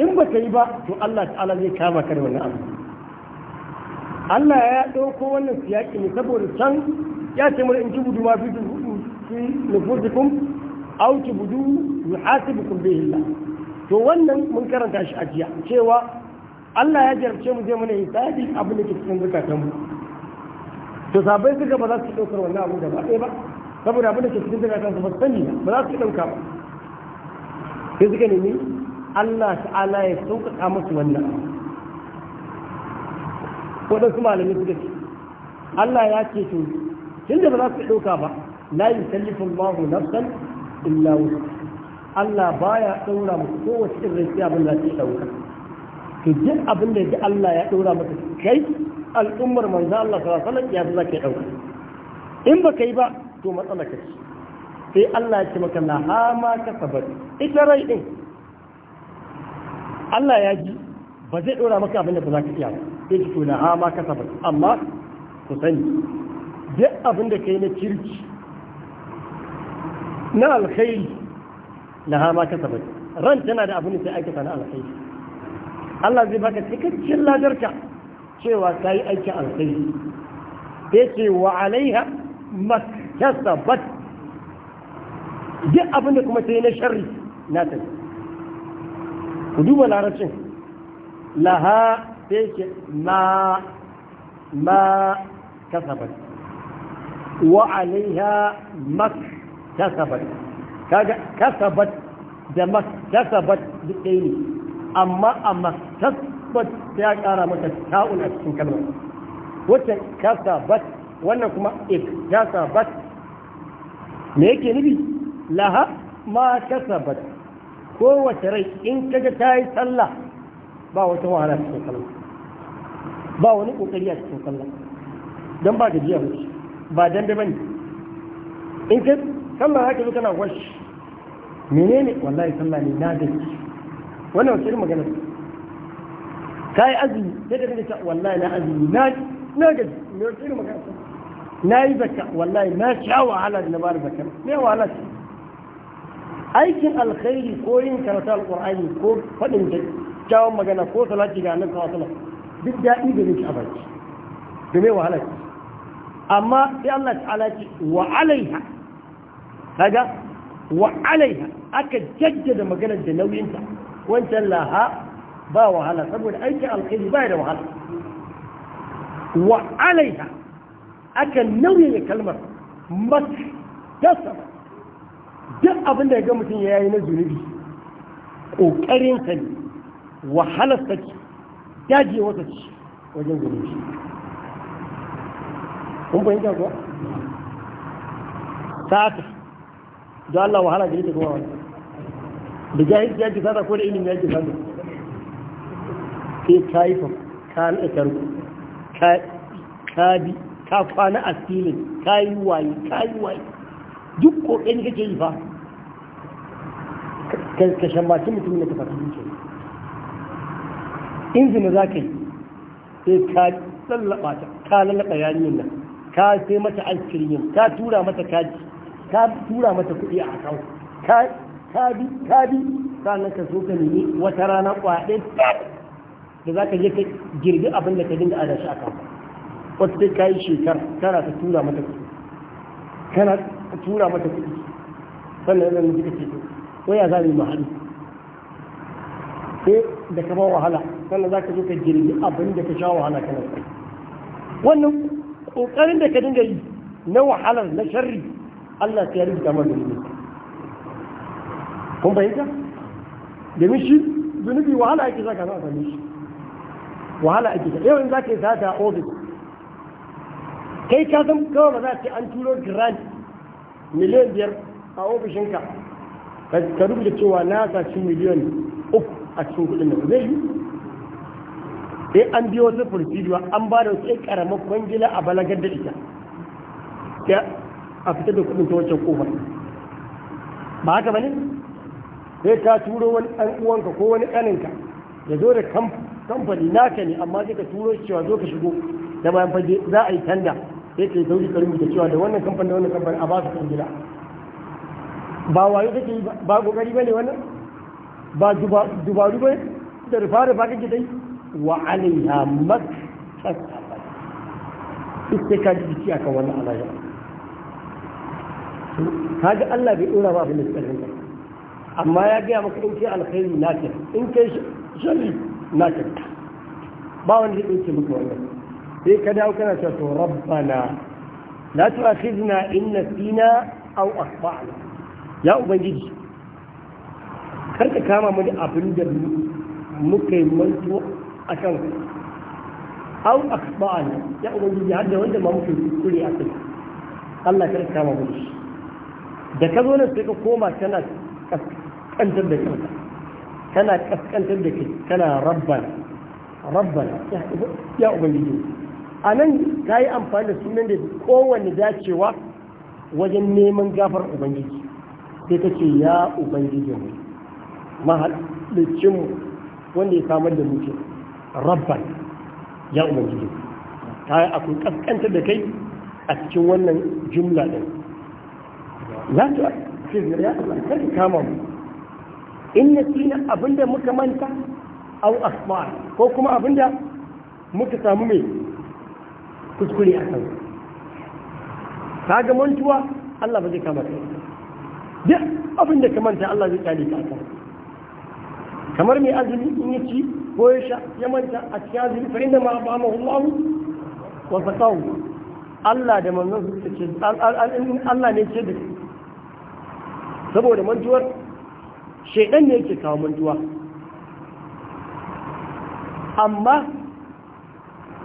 in ba ka yi ba to Allah ta'ala zai kama ka da wannan abu Allah ya ɗauko wannan siyaki ne saboda can ya ce mana in ci budu ma fi nufusikum au ci budu yuhasibukum bihi Allah to wannan mun karanta shi a jiya cewa Allah ya jarabce mu je mana hisabi abin da ke cikin zukatan mu to sabai suka ba za su ɗaukar wannan abu da ba ɗaya ba saboda abin da ke cikin zukatan su ba sani ba za su ɗauka ba sai suka nemi Allah ta'ala ya sauƙaƙa musu wannan waɗansu malamai suka ce Allah ya ce to tunda ba za su ɗauka ba la yusallifu Allahu nafsan illa wusa Allah baya ɗaura mu kowace irin sai abin da ke ɗauka to duk abin da ya Allah ya ɗaura maka kai al'ummar manzo Allah sallallahu alaihi wasallam ya zaka ɗauka in ba kai ba to matsala ka ce sai Allah ya ce maka na hama ka sabar ita rai din Allah ya ji ba zai ɗora maka abin da ba za ka iya sai ki to na hama ka sabar amma ku sani duk abin da kai na kirki na alkhairi laha ma kasabat ran tana da abin da sai aikata na alkhairi Allah zai baka cikakken ladarta cewa ka yi aikin alkhairi sai ce wa alaiha makasabat duk abin da kuma sai na sharri na ta ku duba larabcin laha sai ce ma ma kasabat wa alaiha makasabat kaga kasabat da maktasabat duk ɗaya ne amma a ta ya ƙara mata ta'un a cikin kalmar wacce kasabat wannan kuma kasabat me yake nufi laha ma kasabat wace rai in kaga ta yi sallah ba wata wahala cikin sallah ba wani kokari a cikin sallah don ba gajiya ba ba dan da bane in kai sallah haka zo na washi menene wallahi sallah ne na gaji wannan wace magana ka yi azumi sai da kanta wallahi na azumi na na gaji me wace magana na yi zakka wallahi na sha wahala da na bada zakka me wahala ce aikin alkhairi ko yin karatu alqur'ani ko fadin kyawun magana ko salati ga annabi sallallahu alaihi wasallam duk daɗi da yake a baki da me wahala ce amma sai Allah ta'ala ce wa alaiha kaga wa alaiha aka jaddada maganar da nauyinta wancan laha ba wahala saboda aikin alkhairi ba da wahala wa alaiha aka nauyaya kalmar matasa duk abin da ya ga mutum ya yi na zunubi ƙoƙarinsa ne wahalarsa ce dajewarsa ce wajen zunubi kun fahimta kuwa sata da Allah wahala da yake kowa da jahilci yake sada ko da ilimi yake sada sai ka yi ka nakar ka bi ka kwana a filin ka yi waye ka yi waye duk kokarin kake yi fa ka shambaci mutum da ka fata zuciya in zina za ka yi sai ka lallaba ta ka lallaba yarinyar nan ka sai mata ice cream ka tura mata kaji ka tura mata kuɗi a akau ka bi ka bi sannan ka so ka nemi wata rana kwaɗe da za ka je ka girbi abin da ka dinga adashi a kan wata sai ka yi shekara kana ka tura mata kuɗi kana tura mata kuɗi sannan yana nufi ka ce waya za mu yi mahaɗu sai da ka ba wahala sannan za ka zo ka girbi abin da ka sha wahala kana wannan ƙoƙarin da ka dinga yi na wahalar na sharri Allah sai ya rubuta mana zunubi kun fahimta domin shi zunubi wahala ake zaka za a shi wahala ake ta yau za ka yi sata a ofis kai ka san kawai ba za ka an turo grand miliyan biyar a ofishinka ka rubuta cewa na saci miliyan uku a cikin kudin da zai yi sai an biyo wasu furfiduwa an ba da wasu ƙaramin kwangila a balagar da ita a fitar da kudin ta wancan kofar ba haka bane sai ta turo wani ɗan uwanka ko wani ƙaninka ya zo da kamfani naka ne amma sai ka turo shi cewa zo ka shigo da bayan fage za a yi tanda sai ka yi sauri ka rubuta cewa da wannan kamfani da wannan kamfani a ba su kan gida ba wayo kake yi ba kokari bane wannan ba dubaru ba da rufa rufa kake dai wa alaiha makka sai ka ji biki akan wannan alayya kaga Allah bai dora ba abin da suka rinka amma ya gaya maka in kai alkhairi na kai in kai sharri na kai ba wanda zai dauke maka wannan sai ka dawo kana cewa to rabbana la tu'akhidna in nasina aw akhtana ya ubangiji kar ka kama mu da abin da muka yi manto a kan aw akhtana ya ubangiji har da wanda ma muka kure a kai Allah kar ka kama mu da shi da ka zo nan sai ka koma kana kaskantar da kanka kana kaskantar da kai kana rabbana rabbana ya ubangiji a nan ka yi amfani da sunan da kowanne dacewa wajen neman gafar ubangiji sai ka ce ya ubangiji mu mahalicinmu wanda ya samar da muke rabban ya ubangiji ta yi akwai kaskantar da kai a cikin wannan jumla ɗin za su ce biyar ya Allah kar ka kama mu in nasina abinda muka manta au asma ko kuma abinda muka samu mai kuskure a kan ka, kaga mantuwa Allah ba zai kama kai duk abinda ka manta Allah zai kare ka kan kamar mai azumi in ya ci ko ya sha ya manta a cikin azumi fa inda ma ba mu Allah wa fatahu Allah da manzon su ce Allah ne ce da saboda mantuwar shaidan ne yake kawo mantuwa amma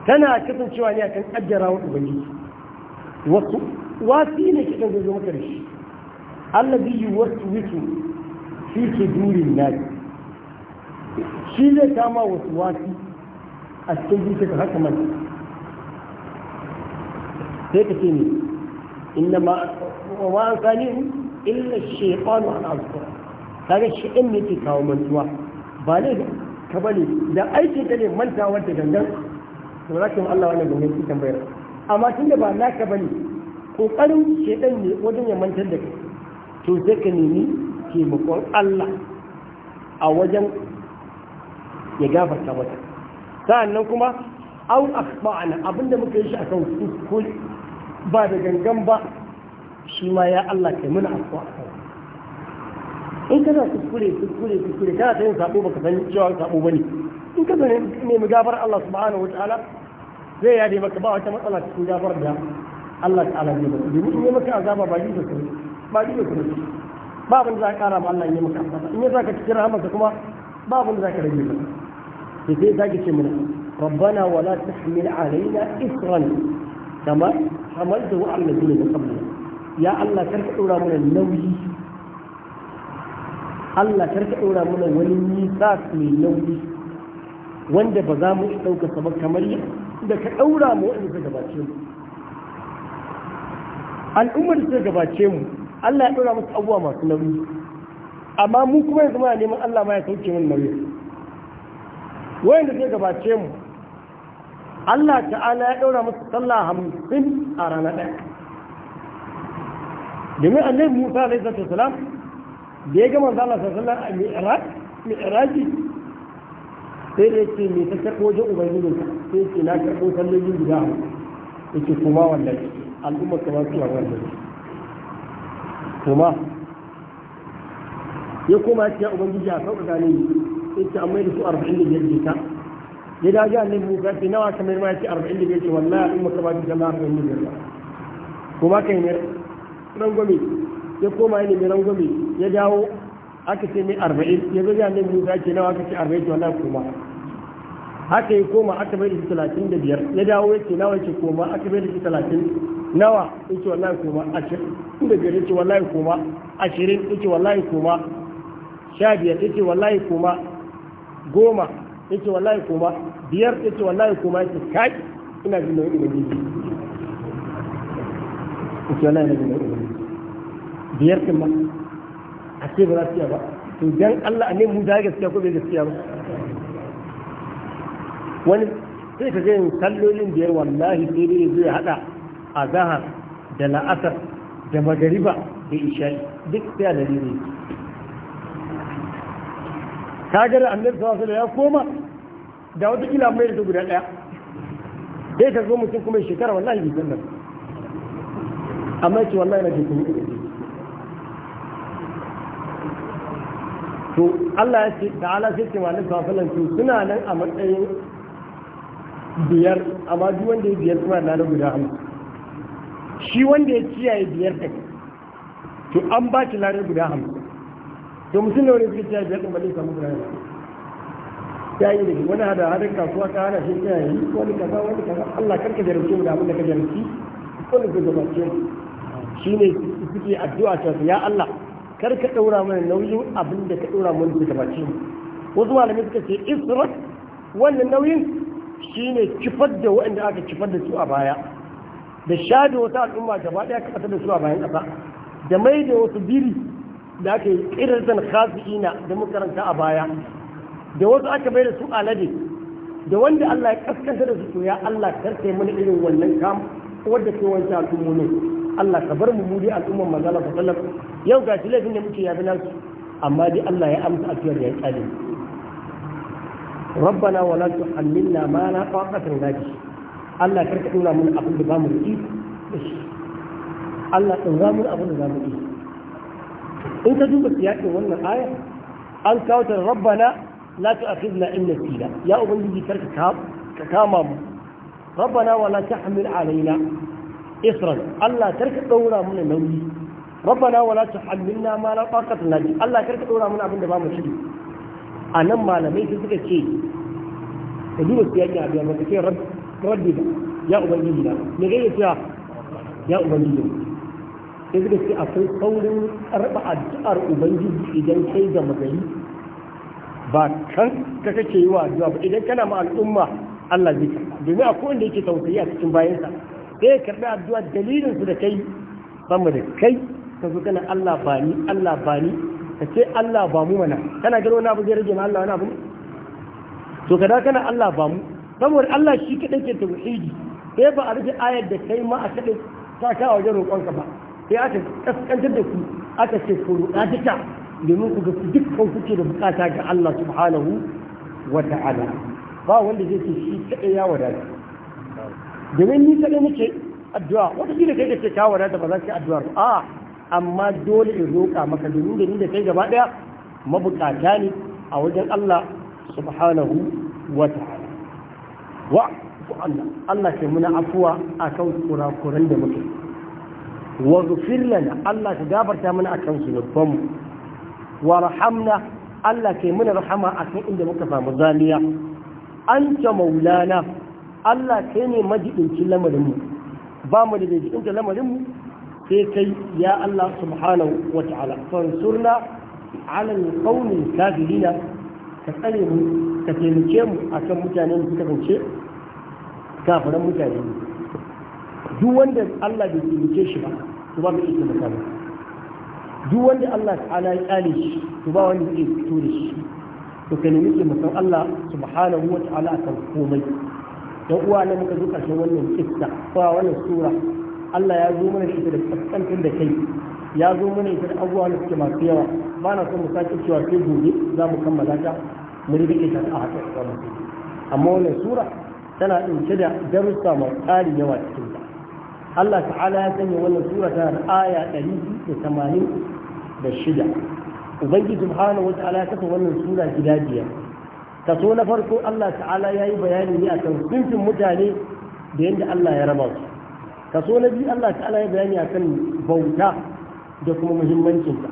tana kasancewa ne akan kaddara wa ubangiji wasu wasi ne kitan zai zama karshe allazi yuwasu wisu fi sudurin nas shi zai kama wasu wasi a cikin zuciya haka man sai ka ce ne inna ma wa an sanihu illa shaytanu an azkura kaga shi in ne ke kawo mantuwa ba ne ka bane da aiki ta ne mantawar da gangan to za ka yi Allah wannan gangan ki tambayar amma tunda ba naka ko karin shaytan ne wajen ya mantar da kai to sai ka nemi ke taimakon Allah a wajen ya gafarta mata sa'annan kuma au akhba'ana abinda muka yi shi akan ku ba da gangan ba shi ma ya Allah kai mana afuwa a kai in kana kuskure kuskure kuskure kana ta yin sabo baka san cewa ba ne in ka zane nemi gafar Allah subhanahu wa ta'ala zai yade maka ba wata matsala cikin gafar da Allah ta'ala zai baka domin in yi maka azaba ba ji da kai ba ji da kai ba abin za ka kara ba Allah in yi maka azaba in ya zaka cikin rahamarsa kuma ba abin za ka rage maka sai za zaki ce mana ربنا ولا تحمل علينا إصرا كما حملته على الذين من قبلنا ya Allah karka ɗora mana nauyi Allah karka ɗora mana wani nisa mai nauyi wanda ba za mu ɗauka sama kamar da ka ɗora mu wani suka gabace mu al'ummar da suka gabace mu Allah ya ɗora musu abubuwa masu nauyi amma mu kuma yanzu muna neman Allah ma ya sauke mun nauyi wayanda suka gabace mu Allah ta'ala ya ɗora musu sallah hamsin a rana ɗaya domin annabi musa alaihi salatu wasalam da ya gama zala sallallahu a mi'raj mi'raji sai da yake mai ta karɓo wajen ubangijinka sai yake na karɓo sallolin guda yake kuma wanda wallahi al'ummar kamar suna wallahi kuma ya koma ya ce ubangiji a sauƙa gane ni ya ce an maida su arba'in da biyar jita ya daji annabi musa ce nawa kamar ma ya ce arba'in da biyar ce wallahi al'ummar kamar suna arba'in da biyar kuma kai ne rangwame ya koma ya nemi rangwame ya dawo aka ce mai arba'in ya zo ya nemi musa ke nawa aka ce arba'in to Allah koma haka ya koma aka bai da shi talatin da biyar ya dawo ya ce nawa ya ce koma aka bai da shi talatin nawa ya ce wallahi koma ashirin da biyar ya ce wallahi koma ashirin ya ce wallahi koma sha biyar ya ce wallahi koma goma ya ce wallahi koma biyar ya ce wallahi koma ya ce kai ina jin nau'in da biyu ya ce wallahi ina jin nau'in biyar ɗin ba a ce ba za su ba to dan Allah ne mu da gaskiya ko bai gaskiya ba wani sai ka yin kallolin biyar wallahi sai dai zai hada a zahar da la'asar da magariba da isha duk sai a dalilin ka ga da annabi sallallahu ya koma da wata kila mai da guda daya dai ka zo mutum kuma shekara wallahi bai san nan amma ce wallahi na jikin to Allah ya ce da ala sai ce malin kafilan su suna nan a matsayin biyar amma duk wanda ya biyar suna na guda hamsin shi wanda ya kiyaye biyar da to an ba ki lare guda hamsin to mutum ne wani suke biyar da ba zai samu guda hamsin ya yi da shi wani hada hadar kasuwa ka hana shi yi wani kasa wani kasa Allah karka jarumci mu da abin da ka jarumci wani ka gabace shi ne suke addu'a ta ya Allah kar ka ɗaura mana nauyin abin da ka ɗaura mana daga mu wasu malamai suka ce isra wannan nauyin shine kifar da waɗanda aka kifar da su a baya da shaɗe wata al'umma gaba ɗaya ka da su a bayan ƙasa da mai da wasu biri da aka yi ƙirarsan khasi'ina da makaranta a baya da wasu aka bai da su alade da wanda Allah ya kaskanta da su to ya Allah karkai mana irin wannan kam wadda ke wancan al'ummomin Allah ka bar mu mu dai al'umman manzala sallallahu yau ga shi laifin da muke yafi nasu amma dai Allah ya amsa afiyar da ya kyale rabbana wa la tuhammilna ma la taqata lana bi Allah kar ka dora mun abin da bamu da iko Allah dora mun abin da za mu yi in ka duba siyakin wannan aya an kawo ta rabbana la tu'akhidna in nasina ya ubangiji kar ka kama mu rabbana wa la tahmil alaina isran Allah kar ka dora mun nauyi rabbana wala tuhammilna ma la taqata lana bi Allah karka dora mana abin da ba mu ci a nan malamai su suka ce da duba su yaki a biyar ce rabbi da ya ubangiji da me gaye cewa ya ubangiji sai suka ce akwai saurin karɓa addu'ar ubangiji idan kai da magari ba kan ka kake yi wa addu'a ba idan kana ma al'umma Allah zai karɓa domin akwai wanda yake tausayi a cikin bayansa sai ya karɓi addu'a dalilin su da kai sama da kai ka zo kana Allah ba ni Allah ba ni ka ce Allah ba mu mana kana gano wani abu zai rage ma Allah wani abu ne to ka da kana Allah ba mu saboda Allah shi kaɗai ke tauhidi sai ba a rufe ayar da kai ma a kaɗai ta ka wajen roƙonka ba sai aka kaskantar da ku aka ce ku roƙa duka domin ku ga dukkan kuke da bukata ga Allah subhanahu wa ta'ala ba wanda zai ce shi kaɗai ya wadata domin ni kaɗai nake addu'a wata shi da kai da ce ka wadata ba za ka yi addu'ar ba amma dole in roƙa maka da ni da kai gaba ɗaya mabukata ne a wajen Allah subhanahu wa ta'ala wa Allah Allah ke muna afuwa akan kurakuran da muke wa ghfir lana Allah ka gabarta mana a kan mu wa rahamna Allah ke muna rahama akan inda muka samu zaliya ta maulana Allah kai ne majidincin lamarin mu ba mu da jikin lamarin mu sai kai ya Allah subhanahu wa ta'ala fansurna ala alqawmin kafirina ka tsare mu ka taimake mu kan mutanen da suka kance kafiran mutane duk wanda Allah bai taimake shi ba to ba mai taimaka ba duk wanda Allah ta'ala ya kyale shi to ba wanda zai fito da shi to ka nemi taimakon Allah subhanahu wa ta'ala akan komai dan uwa na muka zo karshen wannan kissa ko wannan sura Allah ya zo mana shi da kaskantin da kai ya zo mana ita da abubuwa da suke masu yawa ba na son mu sake cewa sai gobe za mu kammala ta mu rike ta a haka amma wannan sura tana ɗauke da darussa mai tsari yawa cikin ta Allah ta'ala ya sanya wannan sura tana da aya ɗari da tamanin da shida ubangiji subhanahu wa ta'ala ya kasa wannan sura gida biyar kaso na farko Allah ta'ala ya yi bayani ne akan sunfin mutane da yadda Allah ya raba su kaso na biyu Allah ta'ala ya bayani akan bauta da kuma muhimmancinta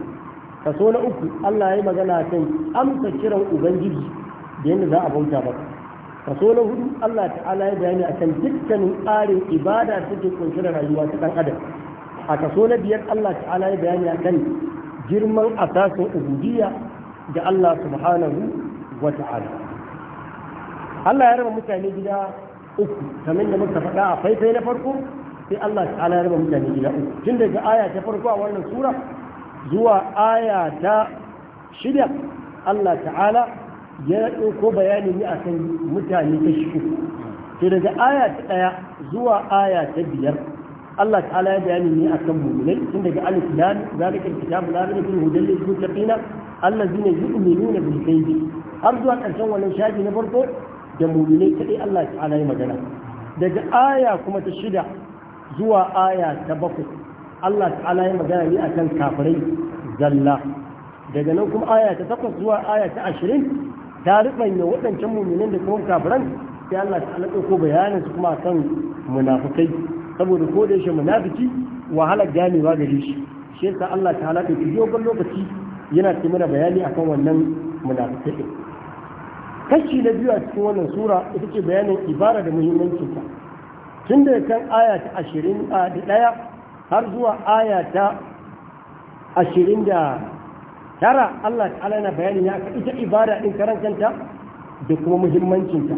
kaso na uku Allah ya magana kan amsa kiran ubangiji da yadda za a bauta ba kaso na hudu Allah ta'ala ya bayani akan dukkanin tsarin ibada da take kunshe da rayuwa ta dan adam a kaso na biyar Allah ta'ala ya bayani kan girman asasin ubudiyya da Allah subhanahu wa ta'ala Allah ya raba mutane gida uku kamar da muka faɗa a faifai na farko sai Allah ta'ala ya raba mutane gida uku tun daga aya ta farko a wannan sura zuwa aya ta shida Allah ta'ala ya ɗauko bayani ne a kan mutane ta shi sai daga aya ta ɗaya zuwa aya ta biyar Allah ta'ala ya bayani ne a kan mummunai tun daga alif lam zalika alkitabu la raiba fihi hudan lil muttaqina allazina yu'minuna bil ghaibi har zuwa ƙarshen wannan shafi na farko da mummunai kaɗai, Allah ta'ala ya magana daga aya kuma ta shida zuwa aya ta bakwai Allah ta'ala ya magana ne akan kafirai zalla daga nan kuma aya ta takwas zuwa aya ta ashirin ta rubanya waɗancan muminin da kuma kafiran sai Allah ta'ala ɗauko bayanin su kuma akan munafukai saboda ko da shi munafiki wahala ganewa gare shi shi yasa Allah ta'ala ta fi dogon lokaci yana ce mana bayani akan wannan munafikai kashi na biyu a cikin wannan sura ita ce bayanin ibara da muhimmancin tun da kan aya ta ashirin da ɗaya har zuwa aya ta ashirin da tara Allah ta'ala na bayani ya ka ita ibada ɗin karantanta da kuma muhimmancinta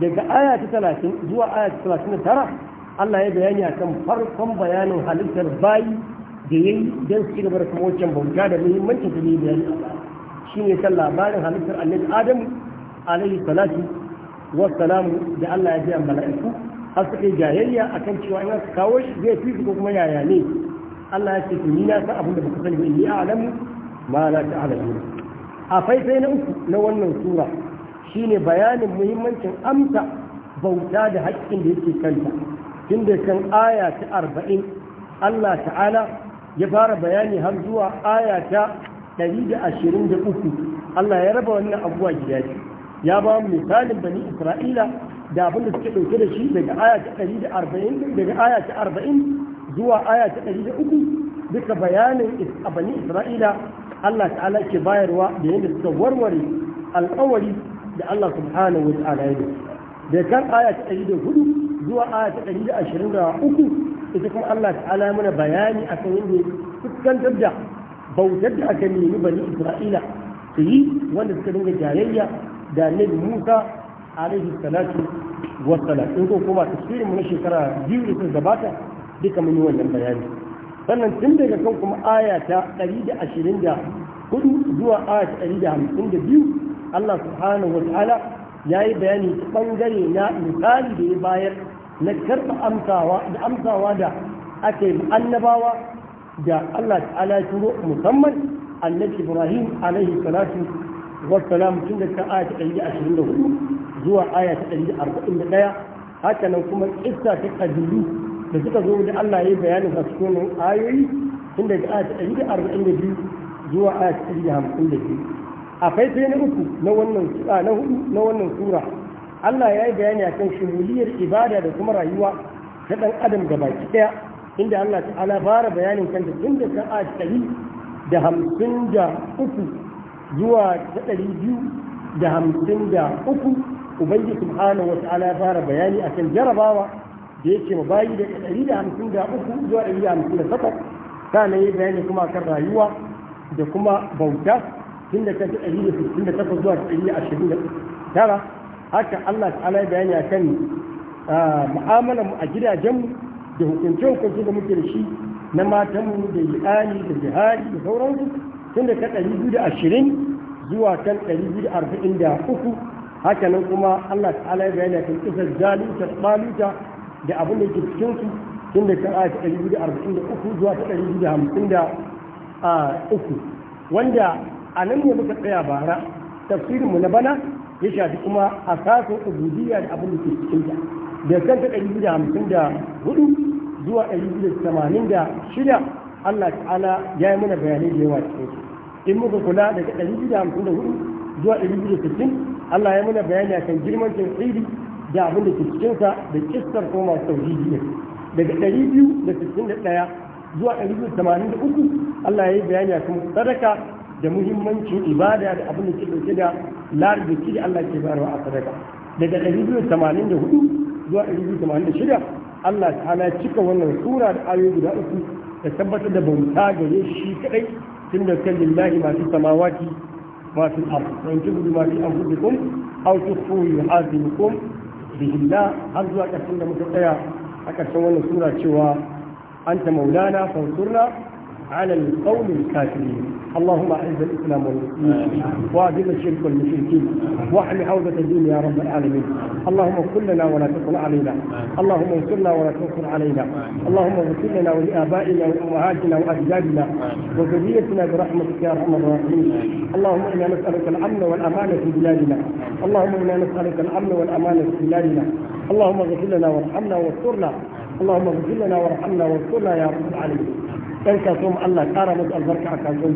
daga aya ta talatin zuwa aya ta talatin da tara Allah ya bayani a kan farkon bayanin halittar bayi da ya yi don su da kuma wancan bauta da muhimmancin da ya bayani shi ne kan labarin halittar annabi adamu alaihi salatu wasu salamu da Allah ya biya mala'iku har suka yi jayayya akan cewa in aka kawo shi zai fi ko kuma yaya ne Allah ya ce to ni na san abin da baka sani ba ni a'lamu ma la a faifai na uku na wannan sura shine bayanin muhimmancin amsa bauta da haƙƙin da yake kanta Tunda da kan aya ta arba'in Allah ta'ala ya fara bayani har zuwa aya ta ɗari da ashirin da uku Allah ya raba wannan abubuwa gida ya ba misalin bani Isra'ila da abin da suke ɗauke da shi daga aya ta arba'in daga aya ta 40 zuwa aya ta 103 duka bayanin abani Isra'ila Allah ta'ala ke bayarwa da yadda suka warware alƙawari da Allah subhanahu wa ta'ala ya da kan aya ta 104 zuwa aya ta uku ita kuma Allah ta'ala mana bayani a akan yadda fuskantar da bautar da aka nemi bani Isra'ila su yi wanda suka dinga jayayya da Nabi Musa alaihi salatu wa Salam. in ko kuma tafsirin mu na shekara biyu da suka gabata duka mun yi wannan bayani sannan tun daga kan kuma aya ta 124 zuwa aya ta 152 Allah subhanahu wa ta'ala ya yi bayani bangare na misali da ya bayar na karɓa amsawa da amsawa da aka yi annabawa da Allah ta'ala ya turo musamman annabi Ibrahim alaihi salatu wa Salam tun da ta aya ta 124 zuwa aya ta ɗari da arba'in 141 haka nan kuma kissa ta kabilu da suka zo da Allah ya yi bayanin a cikin ayoyi tun daga aya ta ɗari da arba'in biyu. zuwa aya ta 152 akwai sai na uku na wannan sura na hudu na wannan sura Allah ya yi bayani akan shumuliyar ibada da kuma rayuwa ta dan adam gabaki ɗaya. inda Allah ta'ala fara bayanin kanta tun daga aya ta ɗari da hamsin da uku zuwa ta ɗari biyu da hamsin da uku ubangiji subhanahu wata'ala ya fara bayani akan jarabawa da yake ma bayi da 153 zuwa 158 sannan ya bayani kuma akan rayuwa da kuma bauta tun da kashi 168 zuwa 129 haka Allah ta'ala ya bayani akan mu'amalar mu a mu da hukunce-hukunce da muke da shi na matan mu da yi'ani da jihari da sauransu tun da ka 220 zuwa kan 243 haka nan kuma Allah ta'ala ya bayyana kan kisar jaluta baluta da abin da ke cikin su tun da kan ayata ɗari biyu da arba'in da uku zuwa ta ɗari biyu da hamsin da uku wanda a nan ne muka tsaya bara tafsirinmu na bana ya shafi kuma asasin ubudiyya da abin da ke cikin ta da kan ta ɗari biyu da hamsin da hudu zuwa ɗari biyu da tamanin da shida Allah ta'ala ya yi mana bayanai da yawa cikin su in muka kula daga ɗari biyu da hamsin da hudu zuwa ɗari biyu da sittin Allah ya muna bayani akan girman tauhidi da abin da ke cikinsa da kissar ko masu tauhidi ne daga ɗari biyu da da sittin ɗaya, zuwa ɗari biyu da da tamanin uku, Allah ya yi bayani akan sadaka da muhimmancin ibada da abin da ke dauke da lar da ke da Allah ke bayarwa a sadaka daga ɗari biyu da da tamanin hudu, zuwa ɗari biyu da da tamanin shida, Allah ta cika wannan sura da ayoyi guda uku da tabbatar da bauta gare shi kadai tun da kan lillahi masu samawati ما في الأرض وإن تبدوا ما في أنفسكم أو تخفوه يحاسبكم به الله هل زوا كسنة متقيا من سورة شوى أنت مولانا فانصرنا على القوم الكافرين اللهم اعز الاسلام والمسلمين واذل الشرك والمشركين واحمي حوزه الدين يا رب العالمين اللهم اغفر لنا ولا تطل علينا اللهم انصرنا ولا تنصر علينا اللهم اغفر لنا ولابائنا وامهاتنا واجدادنا وذريتنا برحمتك يا ارحم الراحمين اللهم انا نسالك الامن والامانه في بلادنا اللهم انا نسالك الامن والامانه في بلادنا اللهم اغفر لنا وارحمنا واسترنا اللهم اغفر لنا وارحمنا واسترنا يا رب العالمين dan kasuwa mu Allah ƙara musu albarka a su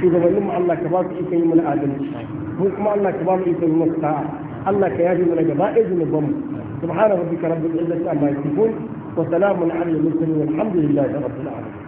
shugabannin mu Allah ka ba su ikon yi mana adalci mu kuma Allah ka ba mu ikon yi mana sa'a Allah ka yafi mana gaba ɗaya zunuban mu subhana rabbika rabbil izzati amma yasifun wa salamun alal mursalin walhamdulillahi rabbil alamin